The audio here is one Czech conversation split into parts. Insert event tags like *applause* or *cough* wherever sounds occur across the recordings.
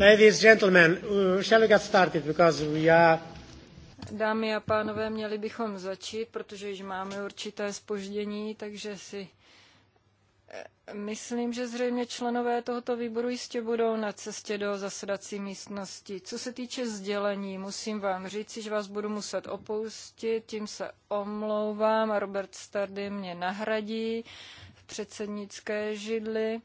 Ladies, gentlemen, uh, shall we get started because we are... Dámy a pánové, měli bychom začít, protože již máme určité spoždění, takže si eh, myslím, že zřejmě členové tohoto výboru jistě budou na cestě do zasedací místnosti. Co se týče sdělení, musím vám říci, že vás budu muset opustit, tím se omlouvám a Robert Stardy mě nahradí v předsednické židli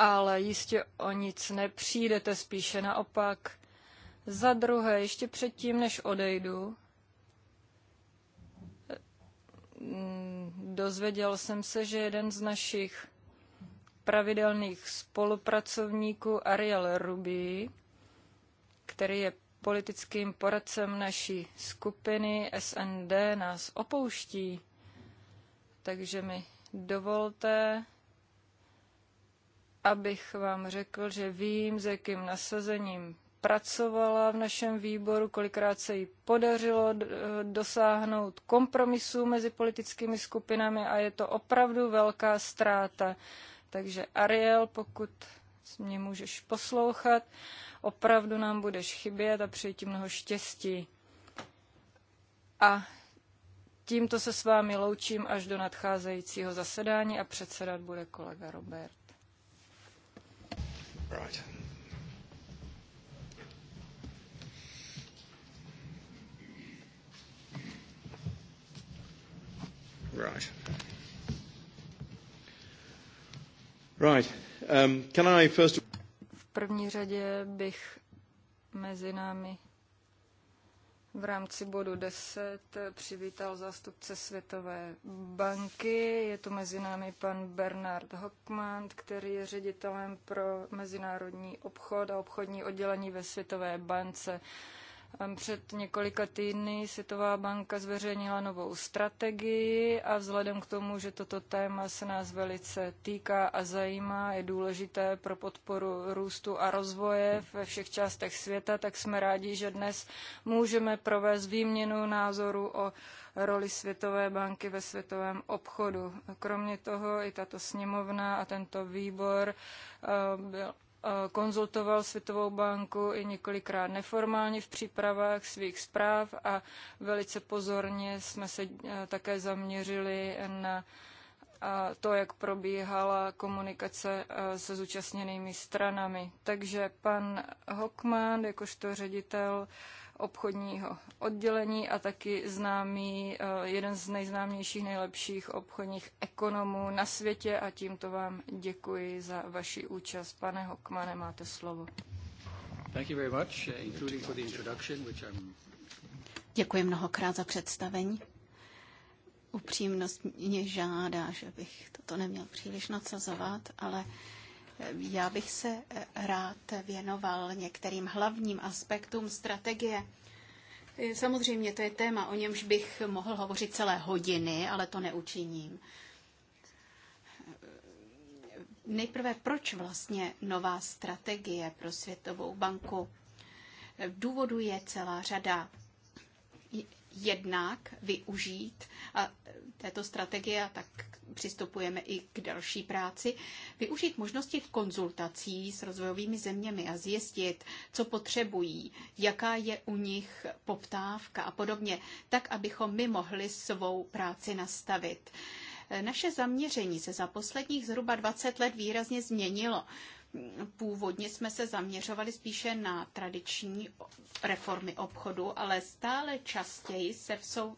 ale jistě o nic nepřijdete, spíše naopak. Za druhé, ještě předtím, než odejdu, mm, dozvěděl jsem se, že jeden z našich pravidelných spolupracovníků Ariel Rubí, který je politickým poradcem naší skupiny SND, nás opouští. Takže mi dovolte abych vám řekl, že vím, s jakým nasazením pracovala v našem výboru, kolikrát se jí podařilo dosáhnout kompromisu mezi politickými skupinami a je to opravdu velká ztráta. Takže Ariel, pokud mě můžeš poslouchat, opravdu nám budeš chybět a přeji ti mnoho štěstí. A tímto se s vámi loučím až do nadcházejícího zasedání a předsedat bude kolega Robert. Right. Right. Right. Um, can I first... V první řadě bych mezi námi v rámci bodu 10 přivítal zástupce Světové banky. Je tu mezi námi pan Bernard Hockman, který je ředitelem pro mezinárodní obchod a obchodní oddělení ve Světové bance. Před několika týdny Světová banka zveřejnila novou strategii a vzhledem k tomu, že toto téma se nás velice týká a zajímá, je důležité pro podporu růstu a rozvoje ve všech částech světa, tak jsme rádi, že dnes můžeme provést výměnu názorů o roli Světové banky ve světovém obchodu. Kromě toho i tato sněmovna a tento výbor eh, byl Eh, konzultoval Světovou banku i několikrát neformálně v přípravách svých zpráv a velice pozorně jsme se eh, také zaměřili na eh, to, jak probíhala komunikace se zúčastněnými stranami. Takže pan Hockman, jakožto ředitel obchodního oddělení a taky známý, eh, jeden z nejznámějších, nejlepších obchodních ekonomů na světě a tímto vám děkuji za vaši účast. Pane Hokmane, máte slovo. Eh, děkuji mnohokrát za představení. Upřímnost mě žádá, že bych toto neměl příliš nadsazovat, ale uh, já bych se eh, rád věnoval některým hlavním aspektům strategie. Eh, samozřejmě to je téma, o němž bych mohl hovořit celé hodiny, ale to neučiním. Eh, nejprve, proč vlastně nová strategie pro Světovou banku? Důvodu je celá řada jednak využít této strategie a tak přistupujeme i k další práci, využít možnosti konzultací s rozvojovými zeměmi a zjistit, co potřebují, jaká je u nich poptávka a podobně, tak, abychom my mohli svou práci nastavit. E, naše zaměření se za posledních zhruba 20 let výrazně změnilo. Původně jsme se zaměřovali spíše na tradiční reformy obchodu, ale stále častěji se v sou,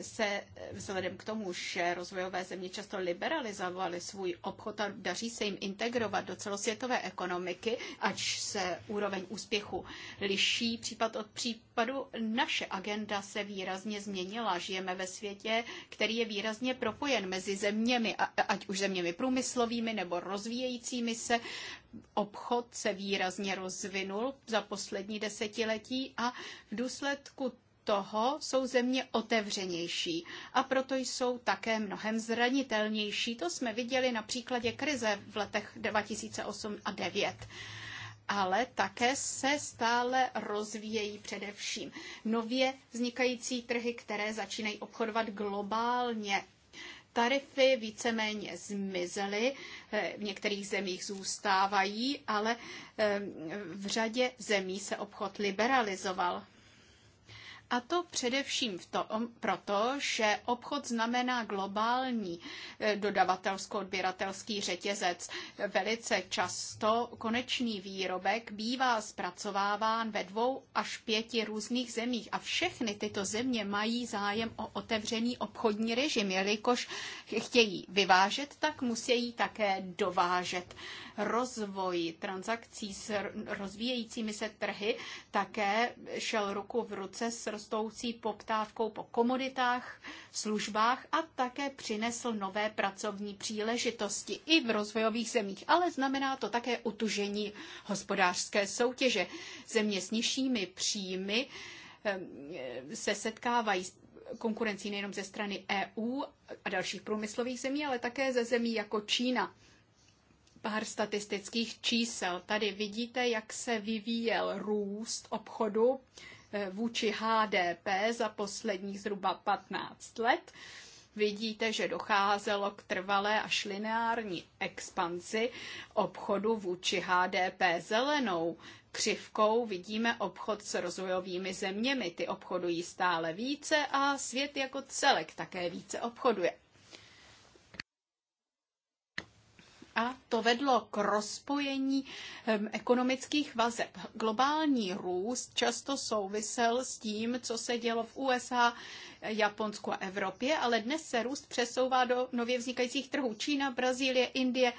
se vzhledem k tomu, že rozvojové země často liberalizovaly svůj obchod a daří se jim integrovat do celosvětové ekonomiky, ač se úroveň úspěchu liší případ od případu, naše agenda se výrazně změnila. Žijeme ve světě, který je výrazně propojen mezi zeměmi, ať už zeměmi průmyslovými nebo rozvíjejícími se. Obchod se výrazně rozvinul za poslední desetiletí a v důsledku toho jsou země otevřenější a proto jsou také mnohem zranitelnější. To jsme viděli na příkladě krize v letech 2008 a 2009 ale také se stále rozvíjejí především nově vznikající trhy, které začínají obchodovat globálně. Tarify víceméně zmizely, eh, v některých zemích zůstávají, ale eh, v řadě zemí se obchod liberalizoval. A to především v tom, proto, že obchod znamená globální eh, dodavatelsko-odběratelský řetězec. Velice často konečný výrobek bývá zpracováván ve dvou až pěti různých zemích a všechny tyto země mají zájem o otevřený obchodní režim, jelikož chtějí vyvážet, tak musí také dovážet. Rozvoj transakcí s rozvíjejícími se trhy také šel ruku v ruce s rostoucí poptávkou po komoditách, službách a také přinesl nové pracovní příležitosti i v rozvojových zemích, ale znamená to také utužení hospodářské soutěže. Země s nižšími příjmy eh, se setkávají s konkurencí nejenom ze strany EU a dalších průmyslových zemí, ale také ze zemí jako Čína pár statistických čísel. Tady vidíte, jak se vyvíjel růst obchodu Eh, vůči HDP za posledních zhruba 15 let, vidíte, že docházelo k trvalé až lineární expanzi obchodu vůči HDP zelenou. Křivkou vidíme obchod s rozvojovými zeměmi. Ty obchodují stále více a svět jako celek také více obchoduje. A to vedlo k rozpojení ekonomických vazeb. Globální růst často souvisel s tím, co se dělo v USA, Japonsku a Evropě, ale dnes se růst přesouvá do nově vznikajících trhů Čína, Brazílie, Indie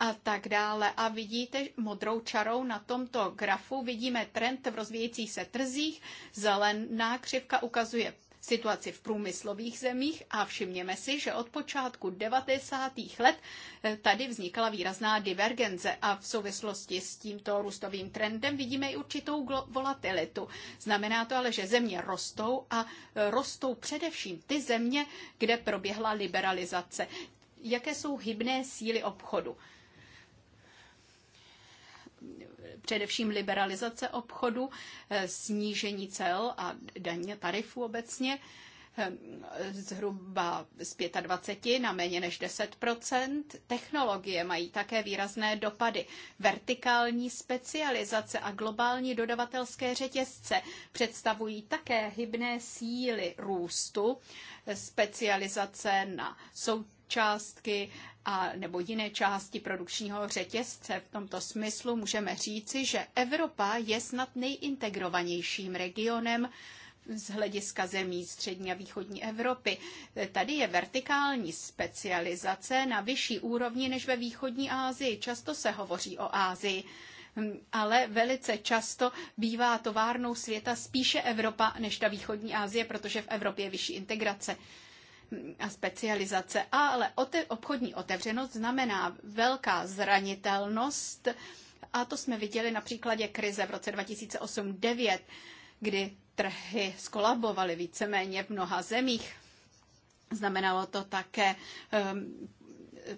a tak dále. A vidíte modrou čarou na tomto grafu, vidíme trend v rozvíjejících se trzích. Zelená křivka ukazuje situaci v průmyslových zemích a všimněme si, že od počátku 90. let eh, tady vznikala výrazná divergence a v souvislosti s tímto růstovým trendem vidíme i určitou volatilitu. Znamená to ale, že země rostou a eh, rostou především ty země, kde proběhla liberalizace. Jaké jsou hybné síly obchodu? především liberalizace obchodu, eh, snížení cel a daně tarifů obecně eh, zhruba z 25 na méně než 10 Technologie mají také výrazné dopady. Vertikální specializace a globální dodavatelské řetězce představují také hybné síly růstu, specializace na soutěž částky a nebo jiné části produkčního řetězce. V tomto smyslu můžeme říci, že Evropa je snad nejintegrovanějším regionem z hlediska zemí střední a východní Evropy. Tady je vertikální specializace na vyšší úrovni než ve východní Asii. Často se hovoří o Asii ale velice často bývá továrnou světa spíše Evropa než ta východní Asie, protože v Evropě je vyšší integrace a specializace. Ale ote- obchodní otevřenost znamená velká zranitelnost a to jsme viděli na příkladě krize v roce 2008-2009, kdy trhy skolabovaly víceméně v mnoha zemích. Znamenalo to také um,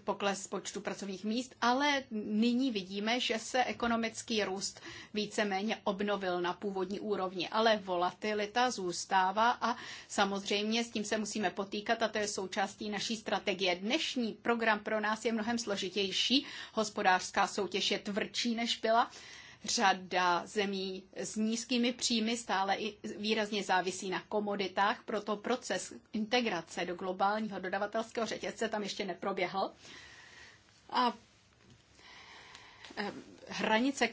pokles počtu pracovních míst, ale nyní vidíme, že se ekonomický růst víceméně obnovil na původní úrovni, ale volatilita zůstává a samozřejmě s tím se musíme potýkat a to je součástí naší strategie. Dnešní program pro nás je mnohem složitější, hospodářská soutěž je tvrdší, než byla Řada zemí s nízkými příjmy stále i výrazně závisí na komoditách, proto proces integrace do globálního dodavatelského řetězce tam ještě neproběhl. A eh, hranice,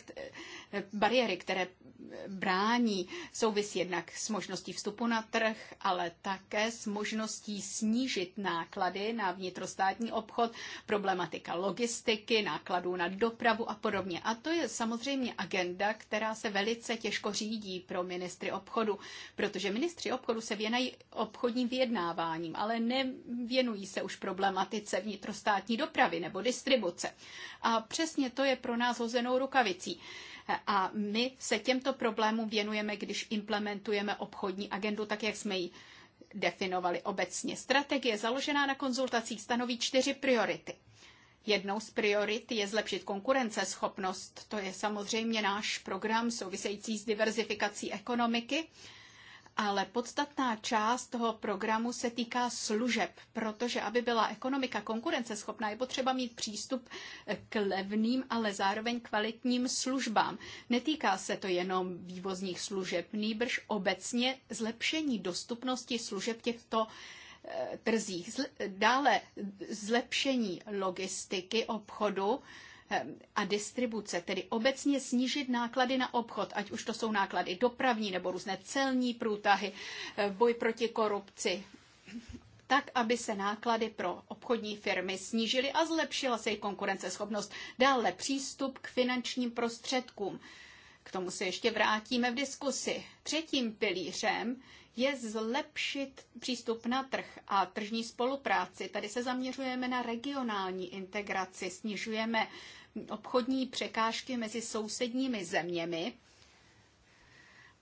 bariéry, které brání, souvisí jednak s možností vstupu na trh, ale také s možností snížit náklady na vnitrostátní obchod, problematika logistiky, nákladů na dopravu a podobně. A to je samozřejmě agenda, která se velice těžko řídí pro ministry obchodu, protože ministři obchodu se věnají obchodním vyjednáváním, ale nevěnují se už problematice vnitrostátní dopravy nebo distribuce. A přesně to je pro nás hozenou rukavicí. A my se těmto problémům věnujeme, když implementujeme obchodní agendu, tak jak jsme ji definovali obecně. Strategie založená na konzultacích stanoví čtyři priority. Jednou z priorit je zlepšit konkurenceschopnost. To je samozřejmě náš program související s diverzifikací ekonomiky ale podstatná část toho programu se týká služeb, protože aby byla ekonomika konkurenceschopná, je potřeba mít přístup k levným, ale zároveň kvalitním službám. Netýká se to jenom vývozních služeb, nýbrž obecně zlepšení dostupnosti služeb těchto eh, trzích. Dále zlepšení logistiky obchodu, a distribuce, tedy obecně snížit náklady na obchod, ať už to jsou náklady dopravní nebo různé celní průtahy, eh, boj proti korupci, tak, aby se náklady pro obchodní firmy snížily a zlepšila se jejich konkurenceschopnost. Dále přístup k finančním prostředkům. K tomu se ještě vrátíme v diskusi. Třetím pilířem je zlepšit přístup na trh a tržní spolupráci. Tady se zaměřujeme na regionální integraci, snižujeme obchodní překážky mezi sousedními zeměmi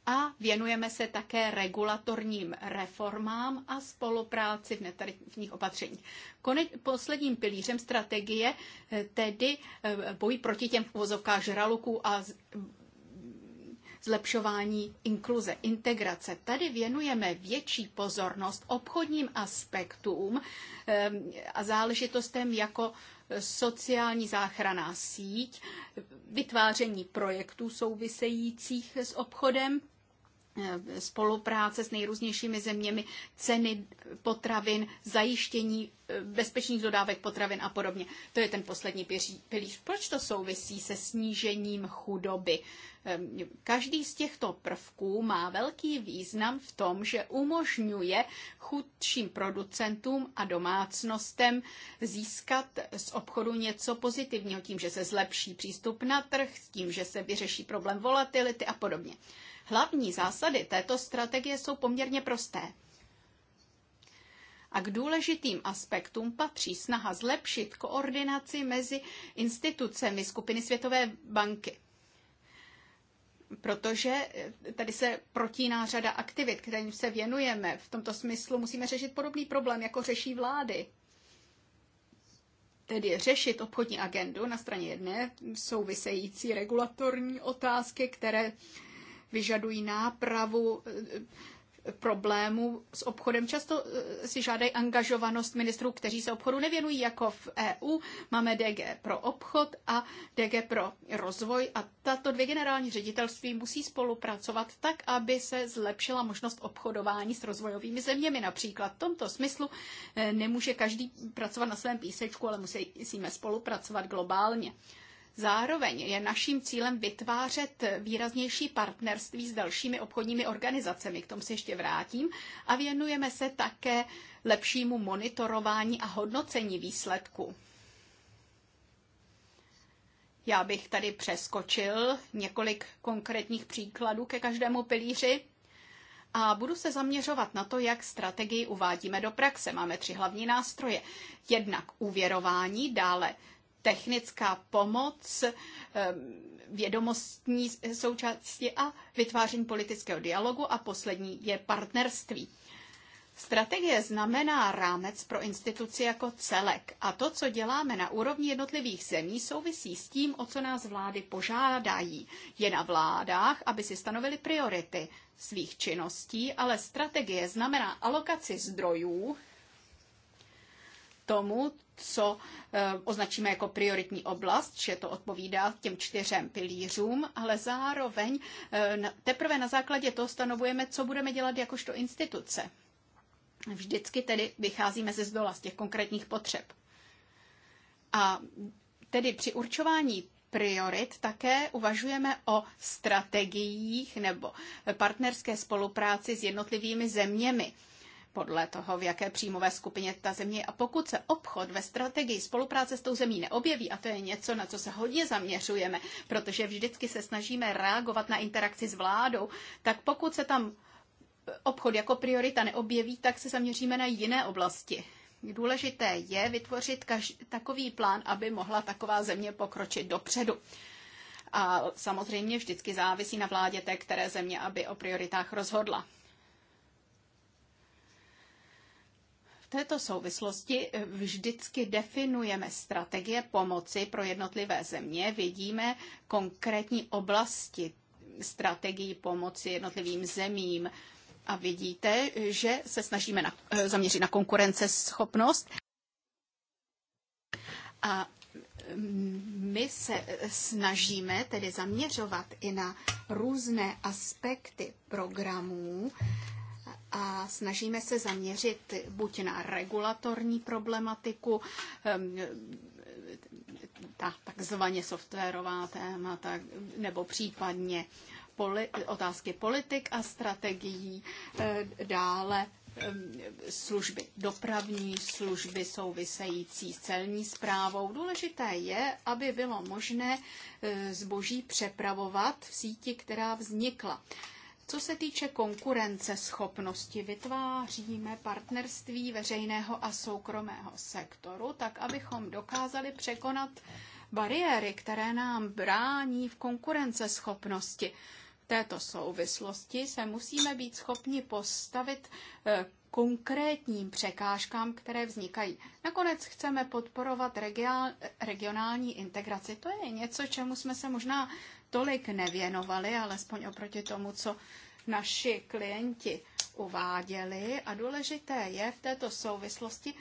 a věnujeme se také regulatorním reformám a spolupráci v netarifních opatřeních. Konec, posledním pilířem strategie eh, tedy eh, boj proti těm uvozovkách žraloků a zlepšování inkluze, integrace. Tady věnujeme větší pozornost obchodním aspektům ehm, a záležitostem jako e, sociální záchraná síť, vytváření projektů souvisejících s obchodem, Eh, spolupráce s nejrůznějšími zeměmi, ceny potravin, zajištění eh, bezpečných dodávek potravin a podobně. To je ten poslední pilíř. Proč to souvisí se snížením chudoby? Eh, každý z těchto prvků má velký význam v tom, že umožňuje chudším producentům a domácnostem získat z obchodu něco pozitivního tím, že se zlepší přístup na trh, tím, že se vyřeší problém volatility a podobně. Hlavní zásady této strategie jsou poměrně prosté. A k důležitým aspektům patří snaha zlepšit koordinaci mezi institucemi skupiny Světové banky protože eh, tady se protíná řada aktivit, kterým se věnujeme. V tomto smyslu musíme řešit podobný problém, jako řeší vlády. Tedy řešit obchodní agendu na straně jedné, související regulatorní otázky, které vyžadují nápravu eh, problémů s obchodem. Často eh, si žádají angažovanost ministrů, kteří se obchodu nevěnují, jako v EU. Máme DG pro obchod a DG pro rozvoj a tato dvě generální ředitelství musí spolupracovat tak, aby se zlepšila možnost obchodování s rozvojovými zeměmi. Například v tomto smyslu eh, nemůže každý pracovat na svém písečku, ale musíme spolupracovat globálně. Zároveň je naším cílem vytvářet výraznější partnerství s dalšími obchodními organizacemi, k tomu se ještě vrátím, a věnujeme se také lepšímu monitorování a hodnocení výsledku. Já bych tady přeskočil několik konkrétních příkladů ke každému pilíři a budu se zaměřovat na to, jak strategii uvádíme do praxe. Máme tři hlavní nástroje. Jednak úvěrování, dále technická pomoc, ehm, vědomostní součástí a vytváření politického dialogu a poslední je partnerství. Strategie znamená rámec pro instituci jako celek a to, co děláme na úrovni jednotlivých zemí, souvisí s tím, o co nás vlády požádají. Je na vládách, aby si stanovili priority svých činností, ale strategie znamená alokaci zdrojů tomu, co eh, označíme jako prioritní oblast, že to odpovídá těm čtyřem pilířům, ale zároveň eh, teprve na základě toho stanovujeme, co budeme dělat jakožto instituce. Vždycky tedy vycházíme ze zdola, z těch konkrétních potřeb. A tedy při určování priorit také uvažujeme o strategiích nebo partnerské spolupráci s jednotlivými zeměmi podle toho, v jaké příjmové skupině ta země je. A pokud se obchod ve strategii spolupráce s tou zemí neobjeví, a to je něco, na co se hodně zaměřujeme, protože vždycky se snažíme reagovat na interakci s vládou, tak pokud se tam obchod jako priorita neobjeví, tak se zaměříme na jiné oblasti. Důležité je vytvořit kaž- takový plán, aby mohla taková země pokročit dopředu. A samozřejmě vždycky závisí na vládě té které země, aby o prioritách rozhodla. této souvislosti eh, vždycky definujeme strategie pomoci pro jednotlivé země, vidíme konkrétní oblasti strategií pomoci jednotlivým zemím a vidíte, že se snažíme na, eh, zaměřit na konkurenceschopnost. A mm, my se eh, snažíme tedy zaměřovat i na různé aspekty programů, a snažíme se zaměřit buď na regulatorní problematiku, ta takzvaně softwarová témata, nebo případně poli, otázky politik a strategií, eh, dále služby, dopravní služby související s celní zprávou. Důležité je, aby bylo možné eh, zboží přepravovat v síti, která vznikla. Co se týče konkurence schopnosti, vytváříme partnerství veřejného a soukromého sektoru, tak abychom dokázali překonat bariéry, které nám brání v konkurenceschopnosti. V této souvislosti se musíme být schopni postavit eh, konkrétním překážkám, které vznikají. Nakonec chceme podporovat regionální integraci. To je něco, čemu jsme se možná tolik nevěnovali, alespoň oproti tomu, co naši klienti uváděli. A důležité je v této souvislosti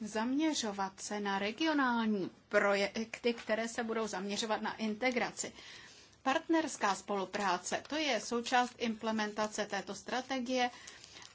zaměřovat se na regionální projekty, které se budou zaměřovat na integraci. Partnerská spolupráce, to je součást implementace této strategie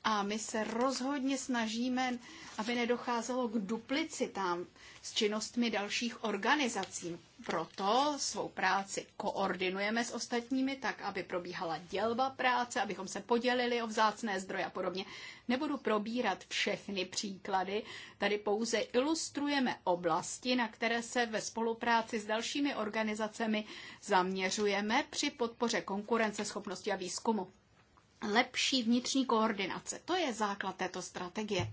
a my se rozhodně snažíme, aby nedocházelo k duplicitám s činnostmi dalších organizací. Proto svou práci koordinujeme s ostatními tak, aby probíhala dělba práce, abychom se podělili o vzácné zdroje a podobně. Nebudu probírat všechny příklady, tady pouze ilustrujeme oblasti, na které se ve spolupráci s dalšími organizacemi zaměřujeme při podpoře konkurenceschopnosti a výzkumu lepší vnitřní koordinace. To je základ této strategie.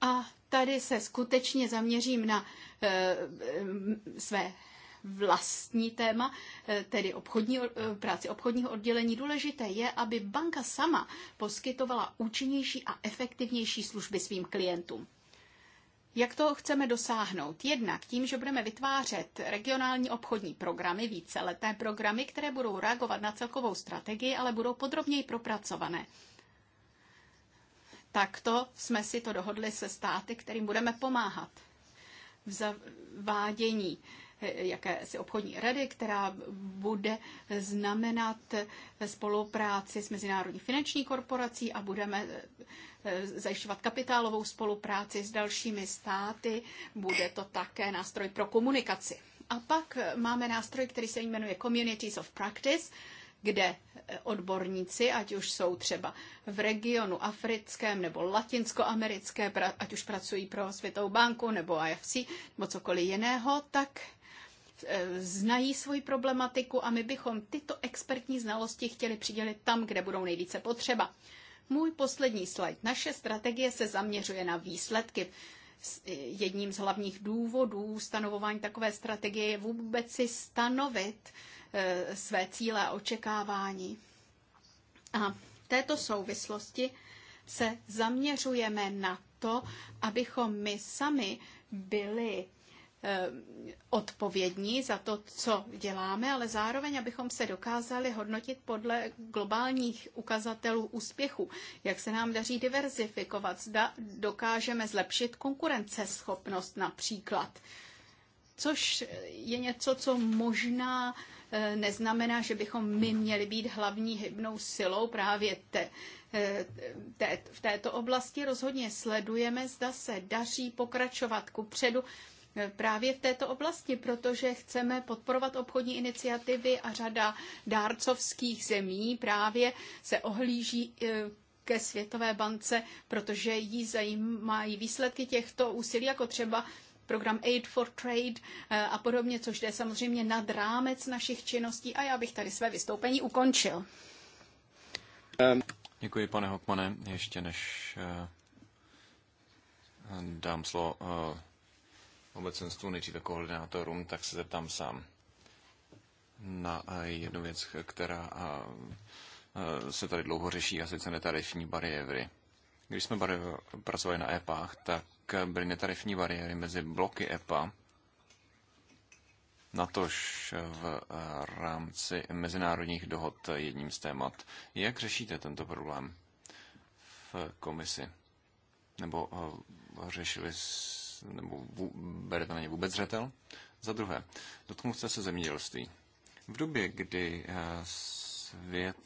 A tady se skutečně zaměřím na e, své vlastní téma, eh, tedy obchodní, eh, práci obchodního oddělení. Důležité je, aby banka sama poskytovala účinnější a efektivnější služby svým klientům. Jak to chceme dosáhnout? Jednak tím, že budeme vytvářet regionální obchodní programy, víceleté programy, které budou reagovat na celkovou strategii, ale budou podrobněji propracované. Takto jsme si to dohodli se státy, kterým budeme pomáhat v zavádění jakési obchodní rady, která bude znamenat spolupráci s Mezinárodní finanční korporací a budeme eh, eh, zajišťovat kapitálovou spolupráci s dalšími státy. Bude to také nástroj pro komunikaci. A pak eh, máme nástroj, který se jmenuje Communities of Practice, kde odborníci, ať už jsou třeba v regionu africkém nebo latinskoamerické, ať už pracují pro Světovou banku nebo IFC nebo cokoliv jiného, tak Eh, znají svoji problematiku a my bychom tyto expertní znalosti chtěli přidělit tam, kde budou nejvíce potřeba. Můj poslední slide. Naše strategie se zaměřuje na výsledky. Eh, jedním z hlavních důvodů stanovování takové strategie je vůbec si stanovit eh, své cíle a očekávání. A v této souvislosti se zaměřujeme na to, abychom my sami byli Eh, odpovědní za to, co děláme, ale zároveň, abychom se dokázali hodnotit podle globálních ukazatelů úspěchu, jak se nám daří diverzifikovat, zda dokážeme zlepšit konkurenceschopnost například. Což je něco, co možná eh, neznamená, že bychom my měli být hlavní hybnou silou právě te, eh, te, v této oblasti. Rozhodně sledujeme, zda se daří pokračovat ku předu právě v této oblasti, protože chceme podporovat obchodní iniciativy a řada dárcovských zemí právě se ohlíží eh, ke Světové bance, protože jí zajímají výsledky těchto úsilí, jako třeba program Aid for Trade eh, a podobně, což jde samozřejmě nad rámec našich činností a já bych tady své vystoupení ukončil. Děkuji, pane Hokmane. Ještě než eh, dám slovo obecenstvu, nejdříve koordinátorům, tak se zeptám sám na eh, jednu věc, která eh, eh, se tady dlouho řeší, a sice netarifní bariéry. Když jsme pracovali na EPách, tak byly netarifní bariéry mezi bloky EPA, natož v rámci mezinárodních dohod jedním z témat. Jak řešíte tento problém v komisi? Nebo řešili nebo vů, berete na ně vůbec řetel? Za druhé, dotknu se se zemědělství. V době, kdy eh, svět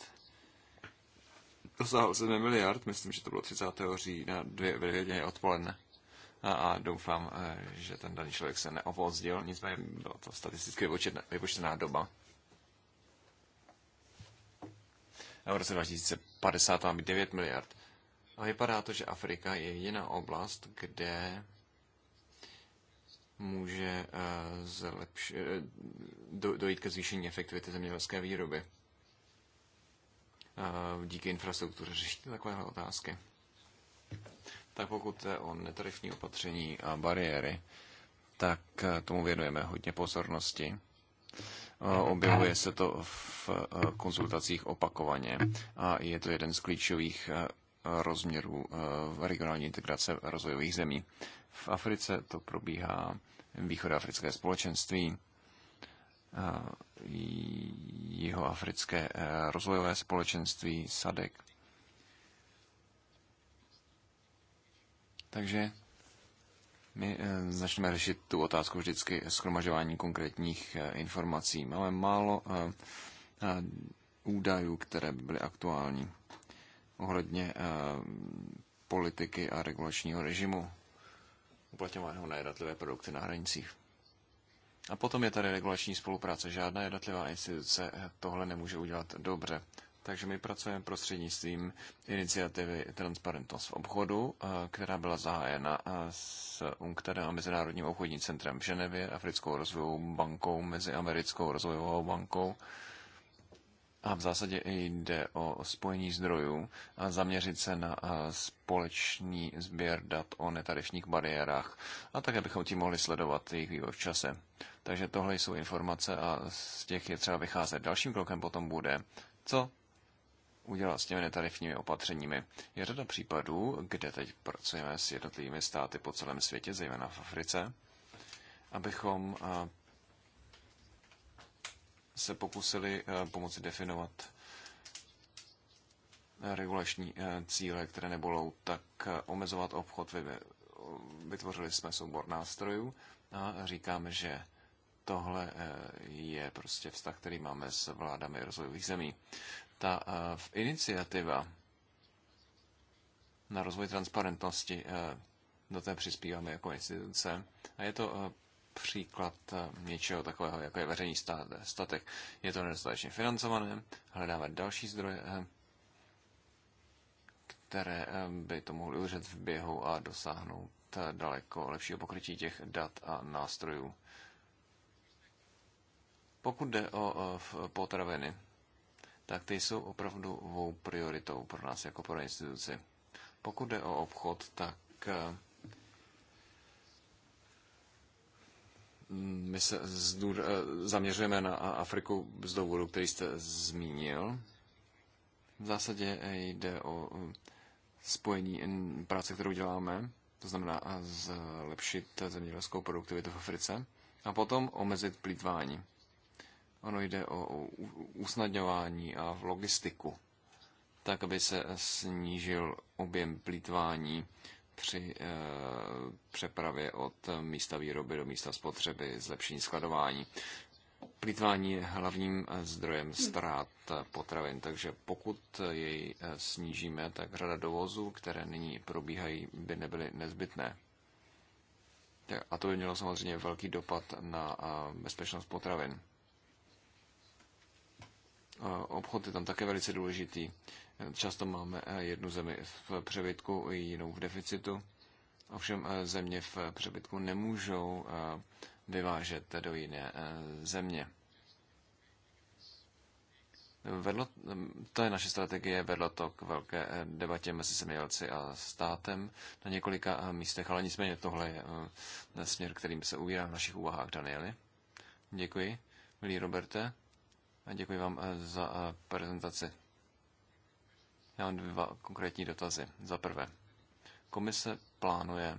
dosáhl 7 miliard, myslím, že to bylo 30. října, dvě, dvě hodiny odpoledne, a, a doufám, eh, že ten daný člověk se neovozdil, nicméně byla to statisticky vypočtená doba. A v roce 2050 má být 9 miliard. A vypadá to, že Afrika je jediná oblast, kde může eh, zlepš- eh, do, dojít ke zvýšení efektivity zemědělské výroby. Eh, díky infrastruktuře řešíte takovéhle otázky. Tak pokud je o netarifní opatření a bariéry, tak tomu věnujeme hodně pozornosti. Objevuje se to v konzultacích opakovaně a je to jeden z klíčových rozměrů regionální integrace rozvojových zemí. V Africe to probíhá východoafrické společenství, jihoafrické e, rozvojové společenství, SADEK. Takže my e, začneme řešit tu otázku vždycky schromažování konkrétních e, informací. Máme málo údajů, které by byly aktuální ohledně politiky a regulačního režimu uplatňovaného na jednotlivé produkty na hranicích. A potom je tady regulační spolupráce. Žádná jednotlivá instituce tohle nemůže udělat dobře. Takže my pracujeme prostřednictvím iniciativy Transparentnost v obchodu, eh, která byla zahájena eh, s UNCTADem a Mezinárodním obchodním centrem v Ženevě, Africkou rozvojovou bankou, Meziamerickou rozvojovou bankou a v zásadě jde o spojení zdrojů a zaměřit se na společný sběr dat o netarifních bariérách. A také bychom tím mohli sledovat jejich vývoj v čase. Takže tohle jsou informace a z těch je třeba vycházet. Dalším krokem potom bude, co udělat s těmi netarifními opatřeními. Je řada případů, kde teď pracujeme s jednotlivými státy po celém světě, zejména v Africe, abychom se pokusili eh, pomoci definovat eh, regulační eh, cíle, které nebudou tak omezovat obchod. Vytvořili jsme soubor nástrojů a říkám, že tohle je prostě vztah, který máme s vládami rozvojových zemí. Ta iniciativa na rozvoj transparentnosti do té přispíváme jako instituce a je to příklad eh, něčeho takového, jako je veřejný statek. Je to nedostatečně financované, hledáme další zdroje, eh, které eh, by to mohly udržet v běhu a dosáhnout daleko lepšího pokrytí těch dat a nástrojů. Pokud jde o potraviny, tak ty jsou opravdu prioritou pro nás jako pro instituci. Pokud jde o obchod, tak My se zdůr, eh, zaměřujeme na Afriku z důvodu, který jste zmínil. V zásadě jde o eh, spojení práce, kterou děláme, to znamená zlepšit zemědělskou produktivitu v Africe a potom omezit plítvání. Ono jde o usnadňování a v logistiku, tak aby se snížil objem plítvání při eh, přepravě od místa výroby do místa spotřeby, zlepšení skladování. Plýtvání je hlavním zdrojem ztrát potravin, takže pokud jej eh, snížíme, tak řada dovozů, které nyní probíhají, by nebyly nezbytné. A to by mělo samozřejmě velký dopad na eh, bezpečnost potravin. Obchod je tam také velice důležitý. Často máme eh, jednu zemi v přebytku, jinou v deficitu. Ovšem eh, země v přebytku nemůžou eh, vyvážet do jiné země. Vedlo, to je naše strategie, vedlo to k velké debatě mezi zemědělci a státem na několika místech, ale nicméně tohle je směr, kterým se ubírá v našich úvahách, Danieli. Děkuji, milý Roberte, a děkuji vám za prezentaci. Já mám dva konkrétní dotazy. Za prvé, komise plánuje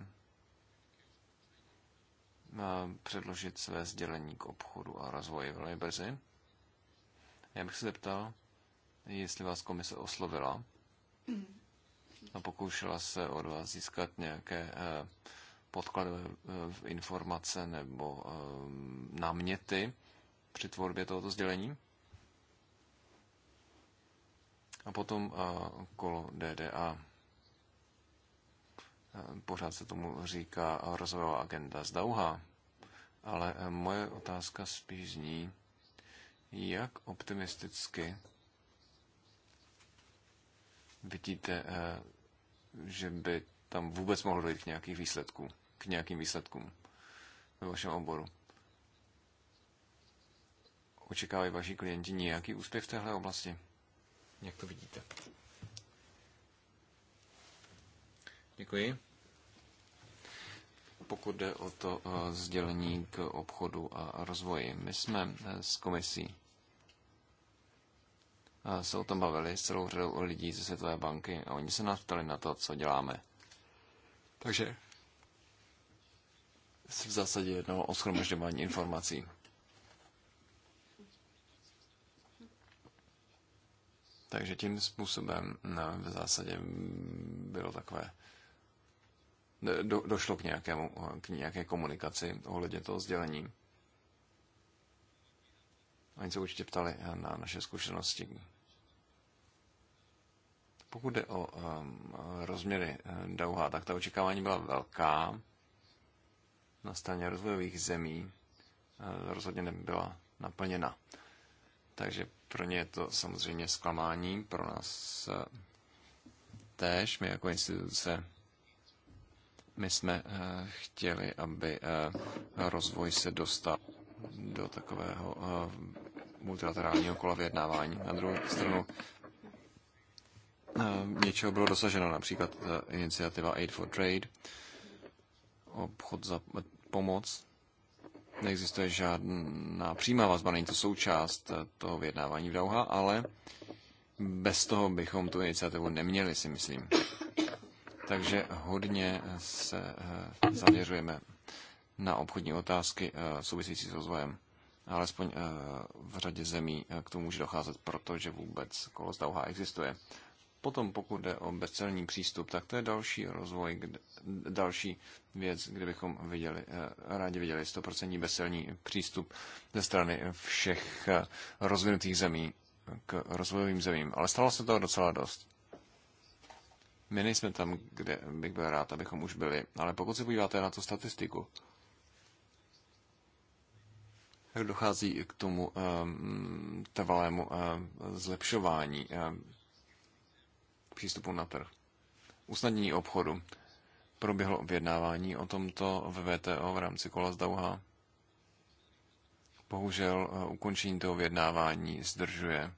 eh, předložit své sdělení k obchodu a rozvoji velmi brzy. Já bych se zeptal, jestli vás komise oslovila a pokoušela se od vás získat nějaké eh, podkladové eh, informace nebo náměty při tvorbě tohoto sdělení. A potom kolo DDA. Pořád se tomu říká rozvojová agenda z Dauha, ale e, moje otázka spíš zní, jak optimisticky vidíte, e, že by tam vůbec mohlo dojít k nějakým výsledkům, k nějakým výsledkům ve vašem oboru? Očekávají vaši klienti nějaký úspěch v téhle oblasti? Jak to vidíte? Děkuji. Pokud jde o to eh, sdělení k obchodu a rozvoji, my jsme eh, s komisí eh, se o tom bavili s celou řadou lidí ze Světové banky a oni se nás ptali na to, co děláme. Takže v zásadě jednalo o schromažďování informací. Takže tím způsobem no, v zásadě bylo takové do, došlo k, nějakému, k nějaké komunikaci ohledně toho sdělení. Oni se určitě ptali na naše zkušenosti. Pokud jde o um, rozměry eh, Dauha, tak ta očekávání byla velká na straně rozvojových zemí eh, rozhodně nebyla naplněna. Takže pro ně je to samozřejmě zklamání, pro nás eh, též, my jako instituce. My jsme eh, chtěli, aby eh, rozvoj se dostal do takového multilaterálního kola vyjednávání. Na druhou stranu něčeho bylo dosaženo, například iniciativa Aid for Trade, obchod za pomoc, neexistuje žádná přímá vazba, není to součást toho vyjednávání v Dauha, ale bez toho bychom tu iniciativu neměli, si myslím. Takže hodně se eh, zaměřujeme na obchodní otázky eh, související s rozvojem. Alespoň eh, v řadě zemí k tomu může docházet, protože vůbec kolo z Dauha existuje. Potom pokud jde o bezcelní přístup, tak to je další rozvoj, kde, další věc, kde bychom viděli, eh, rádi viděli 100% bezcelní přístup ze strany všech eh, rozvinutých zemí k rozvojovým zemím. Ale stalo se toho docela dost. My nejsme tam, kde bych byl rád, abychom už byli, ale pokud se podíváte na tu statistiku, tak dochází k tomu um, trvalému um, zlepšování um, přístupu na trh. Usnadnění obchodu. Proběhlo objednávání o tomto v VTO v rámci kola z Dauha. Bohužel eh, ukončení toho vyjednávání zdržuje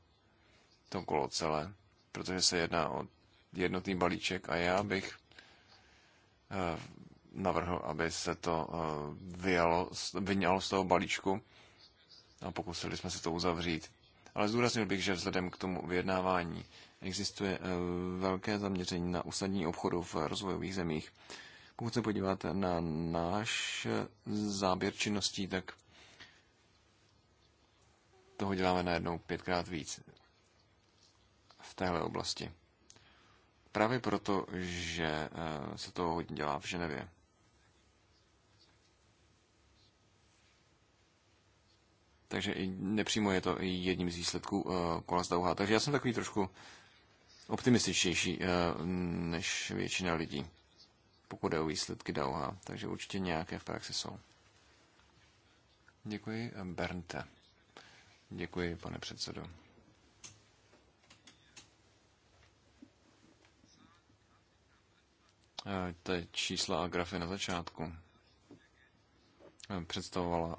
to kolo celé, protože se jedná o jednotný balíček a já bych eh, navrhl, aby se to eh, vyjalo, vyňalo z toho balíčku a pokusili jsme se to uzavřít. Ale zdůraznil bych, že vzhledem k tomu vyjednávání existuje eh, velké zaměření na usadní obchodu v rozvojových zemích. Pokud se podíváte na náš eh, záběr činností, tak toho děláme najednou pětkrát víc v téhle oblasti. Právě proto, že eh, se toho hodně dělá v Ženevě. Takže nepřímo je to i jedním z výsledků eh, kola z Dauha. Takže já jsem takový trošku optimističtější eh, než většina lidí, pokud je o výsledky Dauha. Takže určitě nějaké v praxi jsou. Děkuji, eh, Bernte. Děkuji, pane předsedo. Ta čísla a grafy na začátku představovala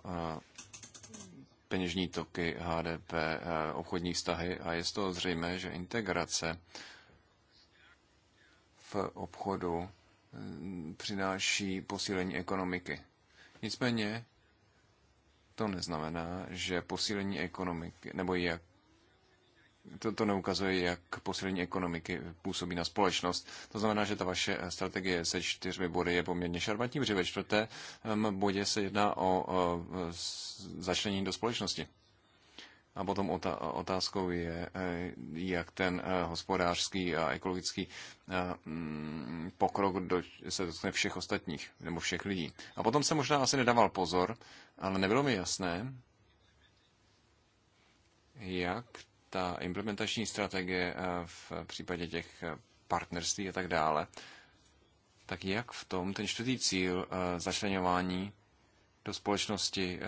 peněžní toky, HDP, eh, obchodní vztahy a je z toho zřejmé, že integrace v obchodu mm, přináší posílení ekonomiky. Nicméně to neznamená, že posílení ekonomiky, nebo jak to, to neukazuje, jak posílení ekonomiky působí na společnost. To znamená, že ta vaše strategie se čtyřmi body je poměrně šarmantní, protože ve čtvrtém bodě se jedná o, o začlenění do společnosti. A potom otázkou je, e, jak ten e, hospodářský a ekologický e, mm, pokrok do, se dotkne všech ostatních, nebo všech lidí. A potom se možná asi nedával pozor, ale nebylo mi jasné, jak ta implementační strategie eh, v případě těch eh, partnerství a tak dále, tak jak v tom ten čtvrtý cíl eh, začlenování do společnosti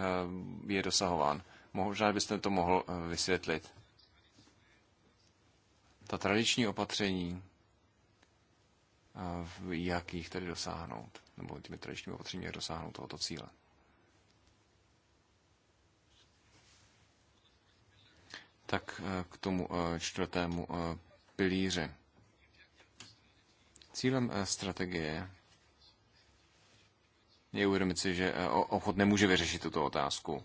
je dosahován? Možná byste to mohl vysvětlit. Ta tradiční opatření, jak jich tedy dosáhnout, nebo těmi tradičními opatřeními, jak dosáhnout tohoto cíle. tak eh, k tomu eh, čtvrtému eh, pilíři. Cílem strategie je uvědomit si, že obchod nemůže vyřešit tuto otázku.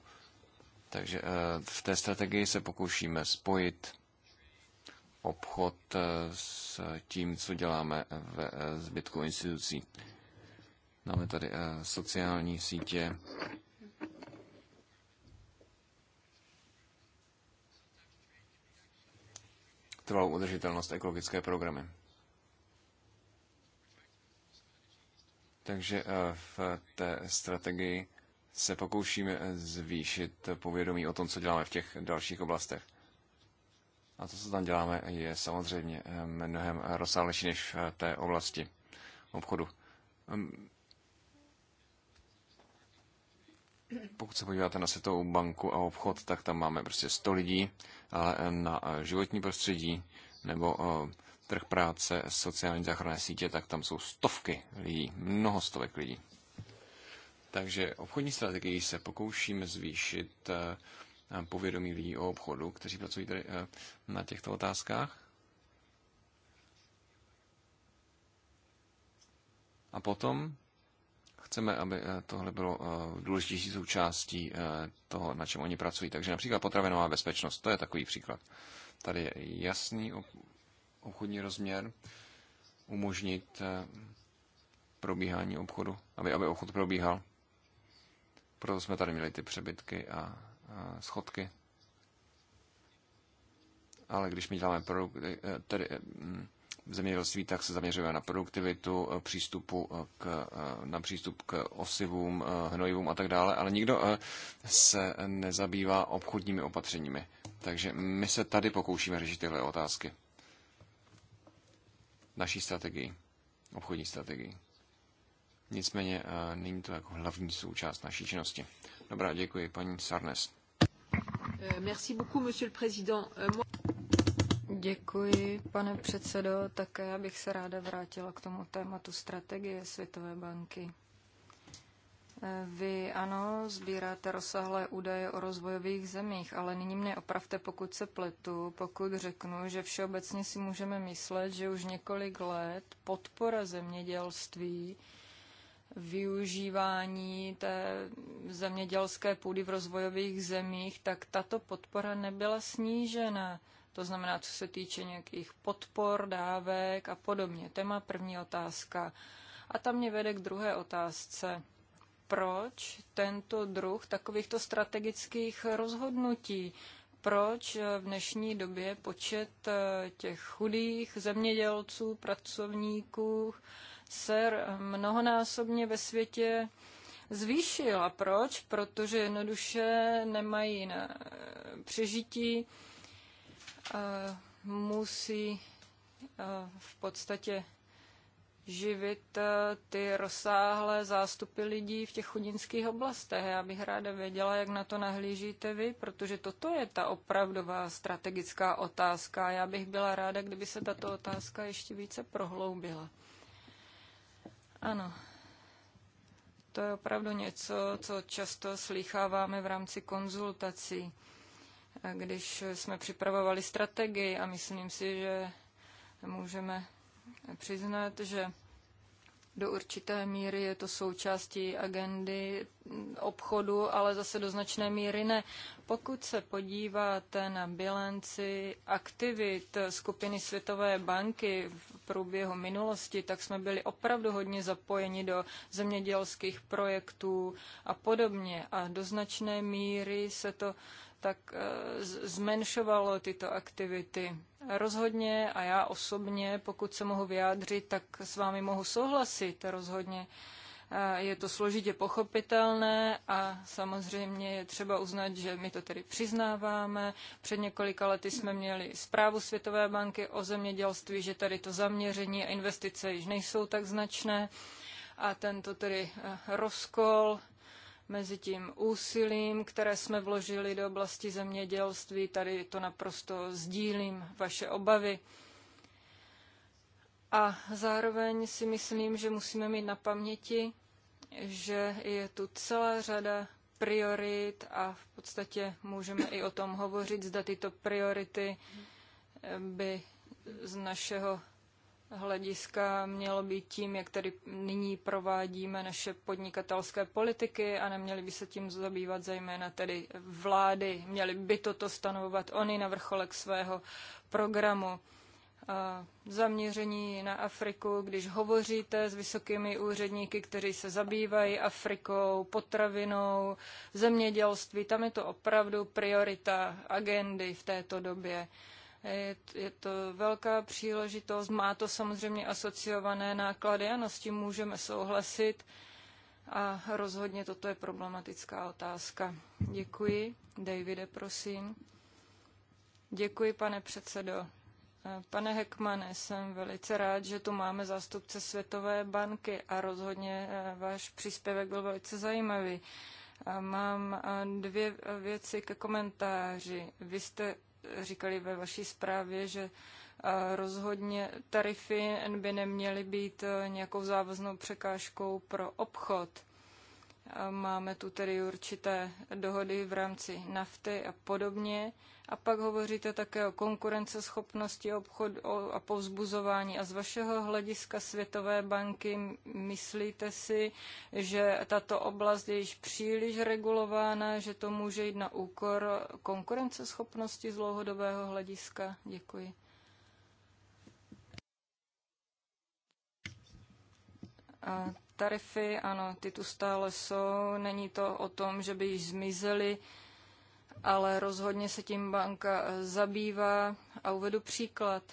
Takže v té strategii se pokoušíme spojit obchod s tím, co děláme ve zbytku institucí. Máme tady sociální sítě, trvalou udržitelnost ekologické programy. Takže eh, v té strategii se pokoušíme eh, zvýšit povědomí o tom, co děláme v těch dalších oblastech. A to, co tam děláme, je samozřejmě eh, mnohem rozsáhlejší než v té oblasti obchodu. Ehm, pokud se podíváte na Světovou banku a obchod, tak tam máme prostě 100 lidí, ale eh, na eh, životní prostředí nebo eh, trh práce, sociální záchranné sítě, tak tam jsou stovky lidí, mnoho stovek lidí. Takže obchodní strategii se pokoušíme zvýšit povědomí lidí o obchodu, kteří pracují tady na těchto otázkách. A potom chceme, aby eh, tohle bylo eh, důležitější součástí eh, toho, na čem oni pracují. Takže například potravinová bezpečnost, to je takový příklad. Tady je jasný obchodní rozměr, umožnit probíhání obchodu, aby, aby obchod probíhal. Proto jsme tady měli ty přebytky a, a schodky. Ale když my děláme produkty, tedy mm, zemědělství, tak se zaměřujeme na produktivitu, eh, přístupu eh, k, eh, na přístup k osivům, hnojivům a tak dále, ale nikdo se nezabývá obchodními opatřeními. Takže my se tady pokoušíme řešit tyhle otázky. Naší strategii, obchodní strategii. Nicméně není to jako hlavní součást naší činnosti. Dobrá, děkuji, paní Sarnes. Merci beaucoup, monsieur le président. Děkuji, pane předsedo. Také já bych se ráda vrátila k tomu tématu strategie Světové banky. Vy ano, sbíráte rozsáhlé údaje o rozvojových zemích, ale nyní mě opravte, pokud se pletu, pokud řeknu, že všeobecně si můžeme myslet, že už několik let podpora zemědělství, využívání té zemědělské půdy v rozvojových zemích, tak tato podpora nebyla snížena to znamená, co se týče nějakých podpor, dávek a podobně. Téma první otázka. A tam mě vede k druhé otázce. Proč tento druh takovýchto strategických rozhodnutí? Proč v dnešní době počet eh, těch chudých zemědělců, pracovníků se mnohonásobně ve světě zvýšil. A proč? Protože jednoduše nemají na eh, přežití Eh, musí eh, v podstatě živit eh, ty rozsáhlé zástupy lidí v těch chudinských oblastech. Já bych ráda věděla, jak na to nahlížíte vy, protože toto je ta opravdová strategická otázka. Já bych byla ráda, kdyby se tato otázka ještě více prohloubila. Ano, to je opravdu něco, co často slýcháváme v rámci konzultací když jsme připravovali strategii a myslím si, že můžeme přiznat, že do určité míry je to součástí agendy obchodu, ale zase do značné míry ne. Pokud se podíváte na bilanci aktivit skupiny Světové banky v průběhu minulosti, tak jsme byli opravdu hodně zapojeni do zemědělských projektů a podobně. A do značné míry se to tak eh, zmenšovalo tyto aktivity. Rozhodně a já osobně, pokud se mohu vyjádřit, tak s vámi mohu souhlasit rozhodně. Eh, je to složitě pochopitelné a samozřejmě je třeba uznat, že my to tedy přiznáváme. Před několika lety jsme měli zprávu Světové banky o zemědělství, že tady to zaměření a investice již nejsou tak značné a tento tedy eh, rozkol mezi tím úsilím, které jsme vložili do oblasti zemědělství. Tady to naprosto sdílím, vaše obavy. A zároveň si myslím, že musíme mít na paměti, že je tu celá řada priorit a v podstatě můžeme i o tom hovořit, zda tyto priority by z našeho hlediska mělo být tím, jak tady nyní provádíme naše podnikatelské politiky a neměly by se tím zabývat zejména tedy vlády. Měly by toto stanovovat oni na vrcholek svého programu. zaměření na Afriku, když hovoříte s vysokými úředníky, kteří se zabývají Afrikou, potravinou, zemědělství, tam je to opravdu priorita agendy v této době. Je to velká příležitost, má to samozřejmě asociované náklady, ano, s tím můžeme souhlasit. A rozhodně toto je problematická otázka. Děkuji. Davide, prosím. Děkuji, pane předsedo. Pane Hekmane, jsem velice rád, že tu máme zástupce Světové banky a rozhodně eh, váš příspěvek byl velice zajímavý. Mám eh, dvě věci ke komentáři. Vy jste říkali ve vaší zprávě, že eh, rozhodně tarify by neměly být eh, nějakou závaznou překážkou pro obchod. Máme tu tedy určité dohody v rámci nafty a podobně. A pak hovoříte také o konkurenceschopnosti obchod a povzbuzování. A z vašeho hlediska Světové banky myslíte si, že tato oblast je již příliš regulována, že to může jít na úkor konkurenceschopnosti z dlouhodobého hlediska? Děkuji. A tarify, ano, ty tu stále jsou. Není to o tom, že by již zmizely, ale rozhodně se tím banka zabývá. A uvedu příklad.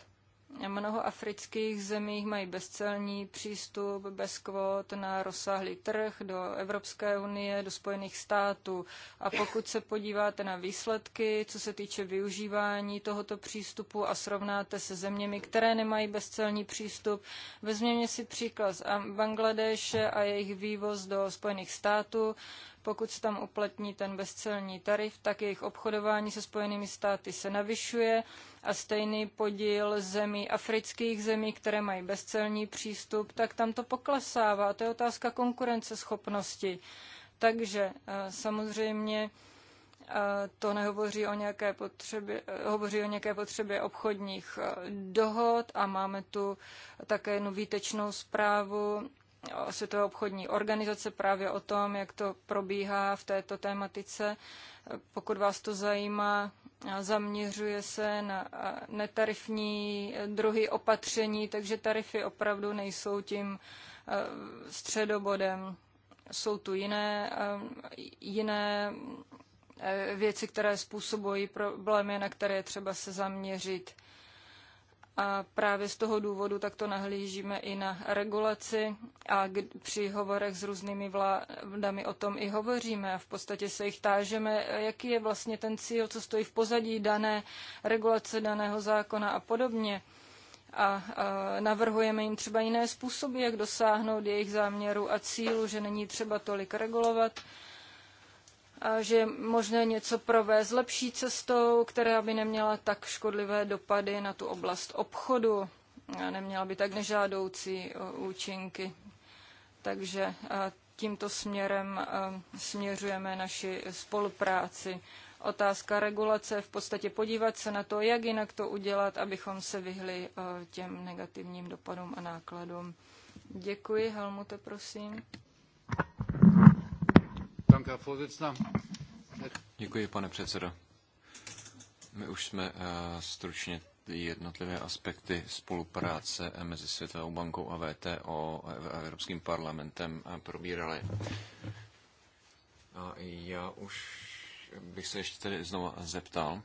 Mnoho afrických zemí mají bezcelní přístup, bez kvót na rozsáhlý trh do Evropské unie, do Spojených států. A pokud se podíváte na výsledky, co se týče využívání tohoto přístupu a srovnáte se zeměmi, které nemají bezcelní přístup, vezměme si příklad z Bangladeše a jejich vývoz do Spojených států. Pokud se tam uplatní ten bezcelní tarif, tak jejich obchodování se Spojenými státy se navyšuje a stejný podíl zemí afrických zemí, které mají bezcelní přístup, tak tam to poklesává. to je otázka konkurenceschopnosti. Takže eh, samozřejmě eh, to nehovoří o nějaké potřebě, eh, hovoří o nějaké potřebě obchodních dohod a máme tu také jednu výtečnou zprávu Světové obchodní organizace právě o tom, jak to probíhá v této tématice. Pokud vás to zajímá, zaměřuje se na netarifní druhy opatření, takže tarify opravdu nejsou tím eh, středobodem. Jsou tu jiné, eh, jiné eh, věci, které způsobují problémy, na které třeba se zaměřit. A právě z toho důvodu takto nahlížíme i na regulaci a při hovorech s různými vládami o tom i hovoříme a v podstatě se jich tážeme, jaký je vlastně ten cíl, co stojí v pozadí dané regulace daného zákona a podobně. A, a navrhujeme jim třeba jiné způsoby, jak dosáhnout jejich záměru a cílu, že není třeba tolik regulovat, že je možné něco provést lepší cestou, která by neměla tak škodlivé dopady na tu oblast obchodu a neměla by tak nežádoucí e, účinky. Takže e, tímto směrem e, směřujeme naši spolupráci. Otázka regulace, v podstatě podívat se na to, jak jinak to udělat, abychom se vyhli těm negativním dopadům a nákladům. Děkuji, Helmute, prosím pane předsedo. My už jsme eh, stručně jednotlivé aspekty spolupráce eh, mezi Světovou bankou a VTO eh, a Evropským parlamentem probírali. A já už bych se ještě tedy znovu zeptal,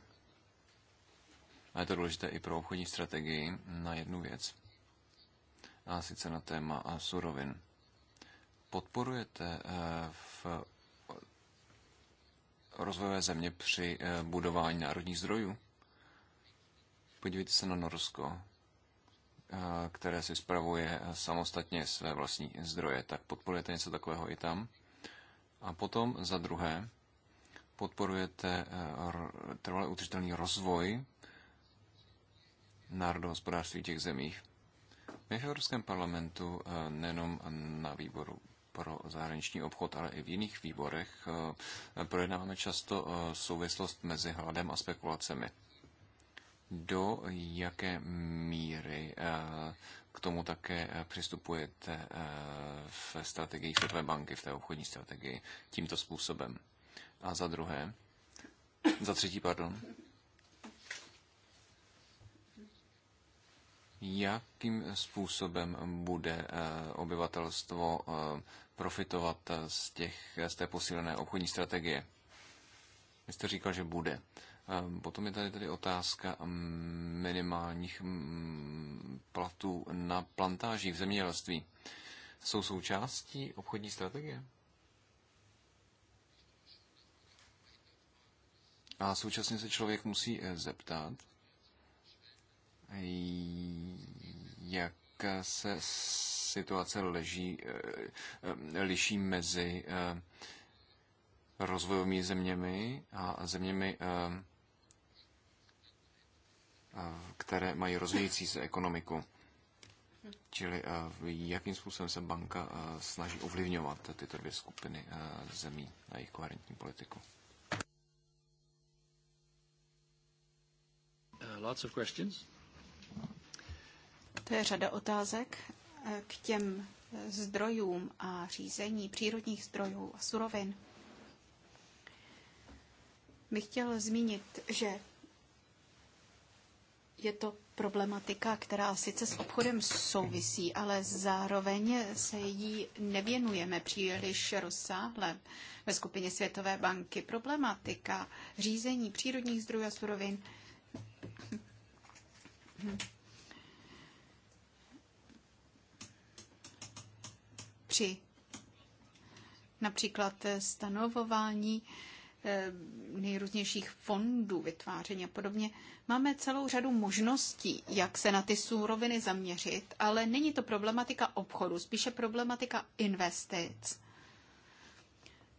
a je to důležité i pro obchodní strategii, na jednu věc. A sice na téma surovin. Podporujete v rozvojové země při eh, budování národních zdrojů. Podívejte se na Norsko, eh, které si spravuje eh, samostatně své vlastní zdroje, tak podporujete něco takového i tam. A potom za druhé, podporujete trvalý udržitelný rozvoj národohospodářství těch zemích. My v Evropském parlamentu, nejenom na výboru pro zahraniční obchod, ale i v jiných výborech eh, projednáváme často eh, souvislost mezi hladem a spekulacemi. Do jaké míry eh, k tomu také přistupujete v strategii Světové banky, v té obchodní strategii tímto způsobem? A za druhé, za třetí, pardon, jakým způsobem bude eh, obyvatelstvo eh, profitovat z, těch, z té posílené obchodní strategie. Vy jste říkal, že bude. Ehm, potom je tady tady otázka mm, minimálních mm, platů na plantáži v zemědělství. Jsou součástí obchodní strategie? A současně se člověk musí eh, zeptat, jak se situace leží, eh, liší mezi eh, rozvojovými zeměmi a zeměmi, eh, které mají rozvíjící se ekonomiku. Čili jakým způsobem se banka snaží ovlivňovat tyto dvě skupiny zemí a jejich koherentní politiku? Uh, lots of questions. To je řada otázek eh, k těm eh, zdrojům a řízení přírodních zdrojů a surovin. Bych chtěl zmínit, že je to problematika, která sice s obchodem souvisí, ale zároveň se jí nevěnujeme příliš rozsáhle. Ve skupině Světové banky problematika řízení přírodních zdrojů a surovin tři. například stanovování eh, nejrůznějších fondů, vytváření a podobně. Máme celou řadu možností, jak se na ty suroviny zaměřit, ale není to problematika obchodu, spíše problematika investic.